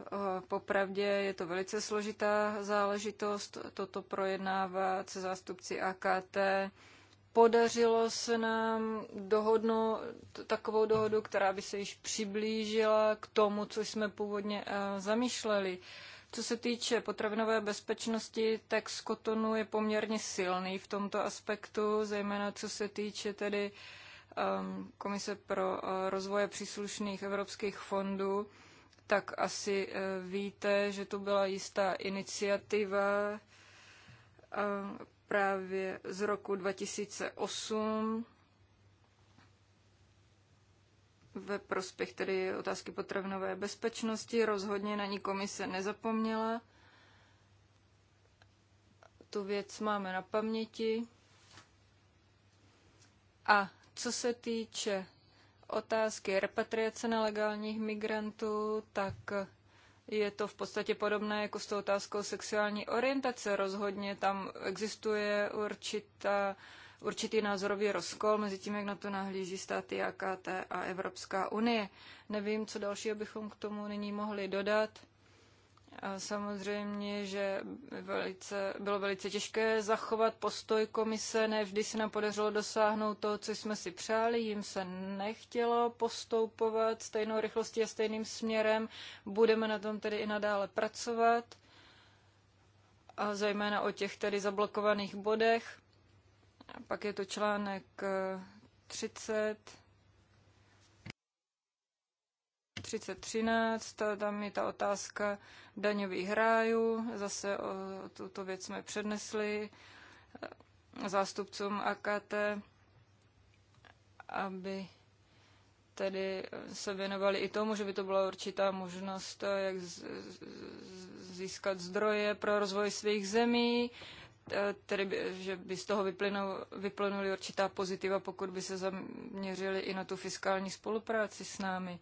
eh, Popravdě je to velice složitá záležitost toto projednávat se zástupci AKT, podařilo se nám dohodnout takovou dohodu, která by se již přiblížila k tomu, co jsme původně eh, zamýšleli. Co se týče potravinové bezpečnosti, tak z kotonu je poměrně silný v tomto aspektu, zejména co se týče tedy ehm, Komise pro eh, rozvoje příslušných evropských fondů, tak asi eh, víte, že tu byla jistá iniciativa ehm, právě z roku 2008 ve prospěch tedy otázky potravinové bezpečnosti. Rozhodně na ní komise nezapomněla. Tu věc máme na paměti. A co se týče otázky repatriace nelegálních migrantů, tak je to v podstatě podobné jako s tou otázkou sexuální orientace. Rozhodně tam existuje určitá, určitý názorový rozkol mezi tím, jak na to nahlíží státy AKT a Evropská unie. Nevím, co dalšího bychom k tomu nyní mohli dodat. Samozřejmě, že velice, bylo velice těžké zachovat postoj komise, ne vždy se nám podařilo dosáhnout toho, co jsme si přáli, jim se nechtělo postoupovat stejnou rychlostí a stejným směrem. Budeme na tom tedy i nadále pracovat, a zejména o těch tedy zablokovaných bodech. A pak je to článek 30 eh, 3013, tam je ta otázka daňových hrájů, zase o tuto věc jsme přednesli zástupcům AKT, aby tedy se věnovali i tomu, že by to byla určitá možnost, jak získat zdroje pro rozvoj svých zemí, tedy že by z toho vyplnuli určitá pozitiva, pokud by se zaměřili i na tu fiskální spolupráci s námi.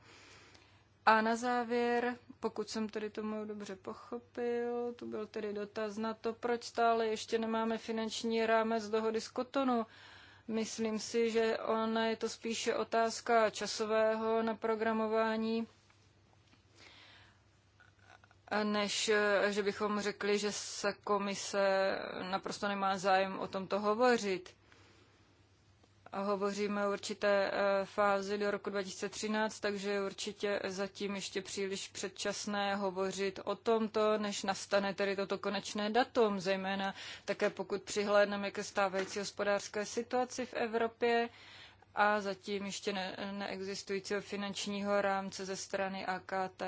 A na závěr, pokud jsem tedy tomu dobře pochopil, tu byl tedy dotaz na to, proč stále ještě nemáme finanční rámec dohody z Kotonu. Myslím si, že ona je to spíše otázka časového naprogramování, než že bychom řekli, že se komise naprosto nemá zájem o tomto hovořit hovoříme o určité eh, fázi do roku 2013, takže je určitě zatím ještě příliš předčasné hovořit o tomto, než nastane tedy toto konečné datum, zejména také pokud přihlédneme ke stávající hospodářské situaci v Evropě a zatím ještě ne, neexistujícího finančního rámce ze strany AKT.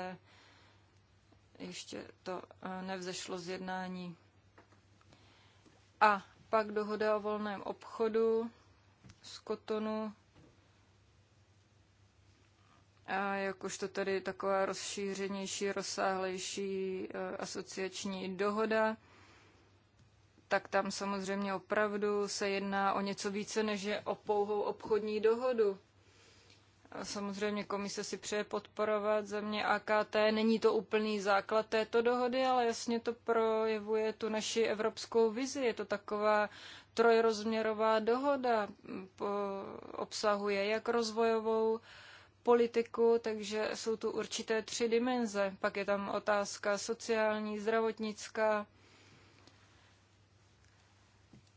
Ještě to eh, nevzešlo z jednání. A pak dohoda o volném obchodu z kotonu. A jakožto tady taková rozšířenější, rozsáhlejší e, asociační dohoda, tak tam samozřejmě opravdu se jedná o něco více, než je o pouhou obchodní dohodu. A samozřejmě komise si přeje podporovat země AKT. Není to úplný základ této dohody, ale jasně to projevuje tu naši evropskou vizi. Je to taková trojrozměrová dohoda obsahuje jak rozvojovou politiku, takže jsou tu určité tři dimenze. Pak je tam otázka sociální, zdravotnická.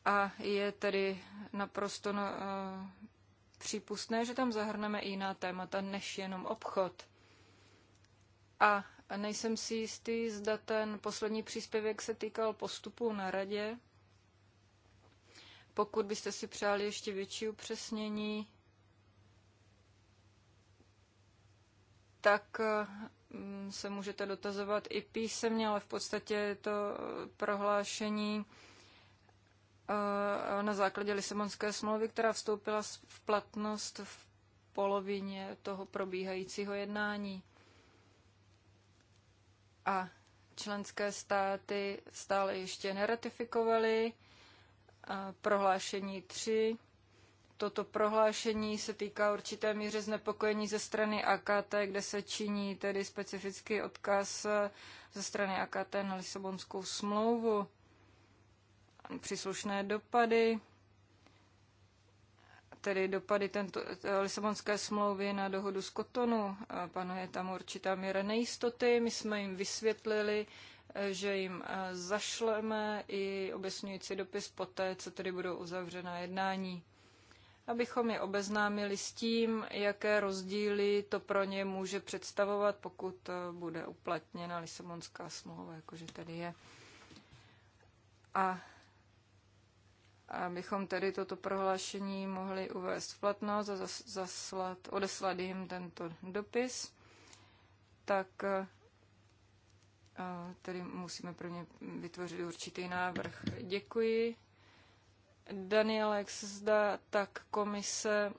A je tedy naprosto na, přípustné, že tam zahrneme i jiná témata než jenom obchod. A nejsem si jistý, zda ten poslední příspěvek se týkal postupu na radě. Pokud byste si přáli ještě větší upřesnění, tak mm, se můžete dotazovat i písemně, ale v podstatě je to eh, prohlášení eh, na základě Lisabonské smlouvy, která vstoupila v platnost v polovině toho probíhajícího jednání. A členské státy stále ještě neratifikovaly prohlášení 3. Toto prohlášení se týká určité míře znepokojení ze strany AKT, kde se činí tedy specifický odkaz ze strany AKT na Lisabonskou smlouvu, příslušné dopady, tedy dopady tento, Lisabonské smlouvy na dohodu z Kotonu. Panuje tam určitá míra nejistoty. My jsme jim vysvětlili, že jim eh, zašleme i objasňující dopis poté, co tedy budou uzavřená jednání abychom je obeznámili s tím, jaké rozdíly to pro ně může představovat, pokud eh, bude uplatněna Lisabonská smlouva, jakože tady je. A abychom tedy toto prohlášení mohli uvést v platnost a zaslat, odeslat jim tento dopis, tak eh, Tedy musíme prvně vytvořit určitý návrh. Děkuji. Daniel, jak se zdá, tak komise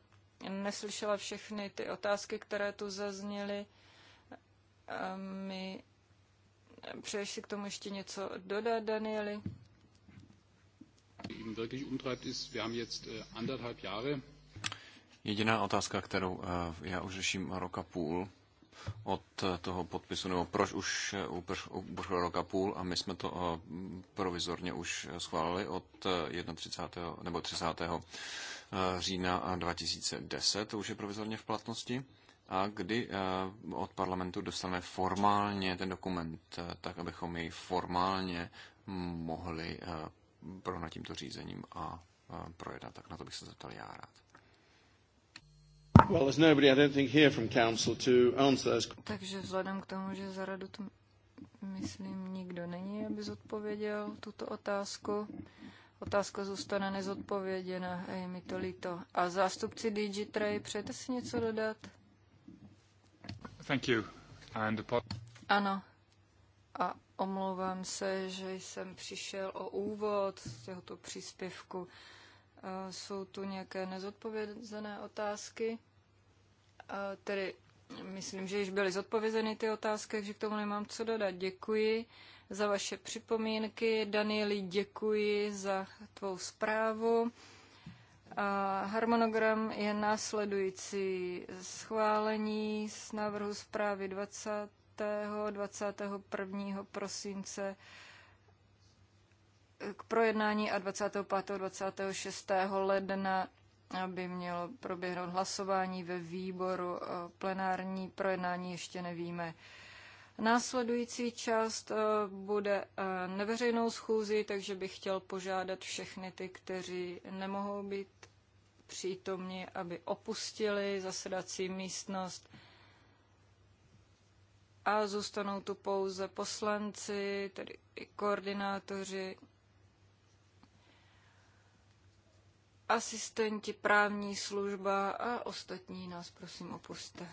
neslyšela všechny ty otázky, které tu zazněly. my přeješ si k tomu ještě něco dodat, Danieli? Äh, Jediná otázka, kterou äh, já už řeším rok a půl, od toho podpisu, nebo proč už eh, uprchlo rok a půl a my jsme to eh, provizorně už schválili od 31. Eh, nebo 30. října 2010, to už je provizorně v platnosti, a kdy od parlamentu dostaneme formálně ten dokument, tak abychom jej formálně mohli prohnat tímto řízením a projednat. Tak na to bych se zeptal já rád. Well, there's nobody, I don't think, here from council to answer those. Takže vzhledem k tomu, že za radu tu, myslím, nikdo není, aby zodpověděl tuto otázku, otázka zůstane nezodpověděna. Je mi to líto. A zástupci DigiTray, přejete si něco dodat? Thank you. And ano. A omlouvám se, že jsem přišel o úvod z tohoto příspěvku. Eh, jsou tu nějaké nezodpovězené otázky? tedy myslím, že již byly zodpovězeny ty otázky, takže k tomu nemám co dodat. Děkuji za vaše připomínky. Danieli, děkuji za tvou zprávu. A harmonogram je následující schválení z návrhu zprávy 20. 21. prosince k projednání a 25. 26. ledna aby mělo proběhnout hlasování ve výboru. Eh, plenární projednání ještě nevíme. Následující část eh, bude eh, neveřejnou schůzi, takže bych chtěl požádat všechny ty, kteří nemohou být přítomni, aby opustili zasedací místnost a zůstanou tu pouze poslanci, tedy i koordinátoři asistenti, právní služba a ostatní nás prosím opuste.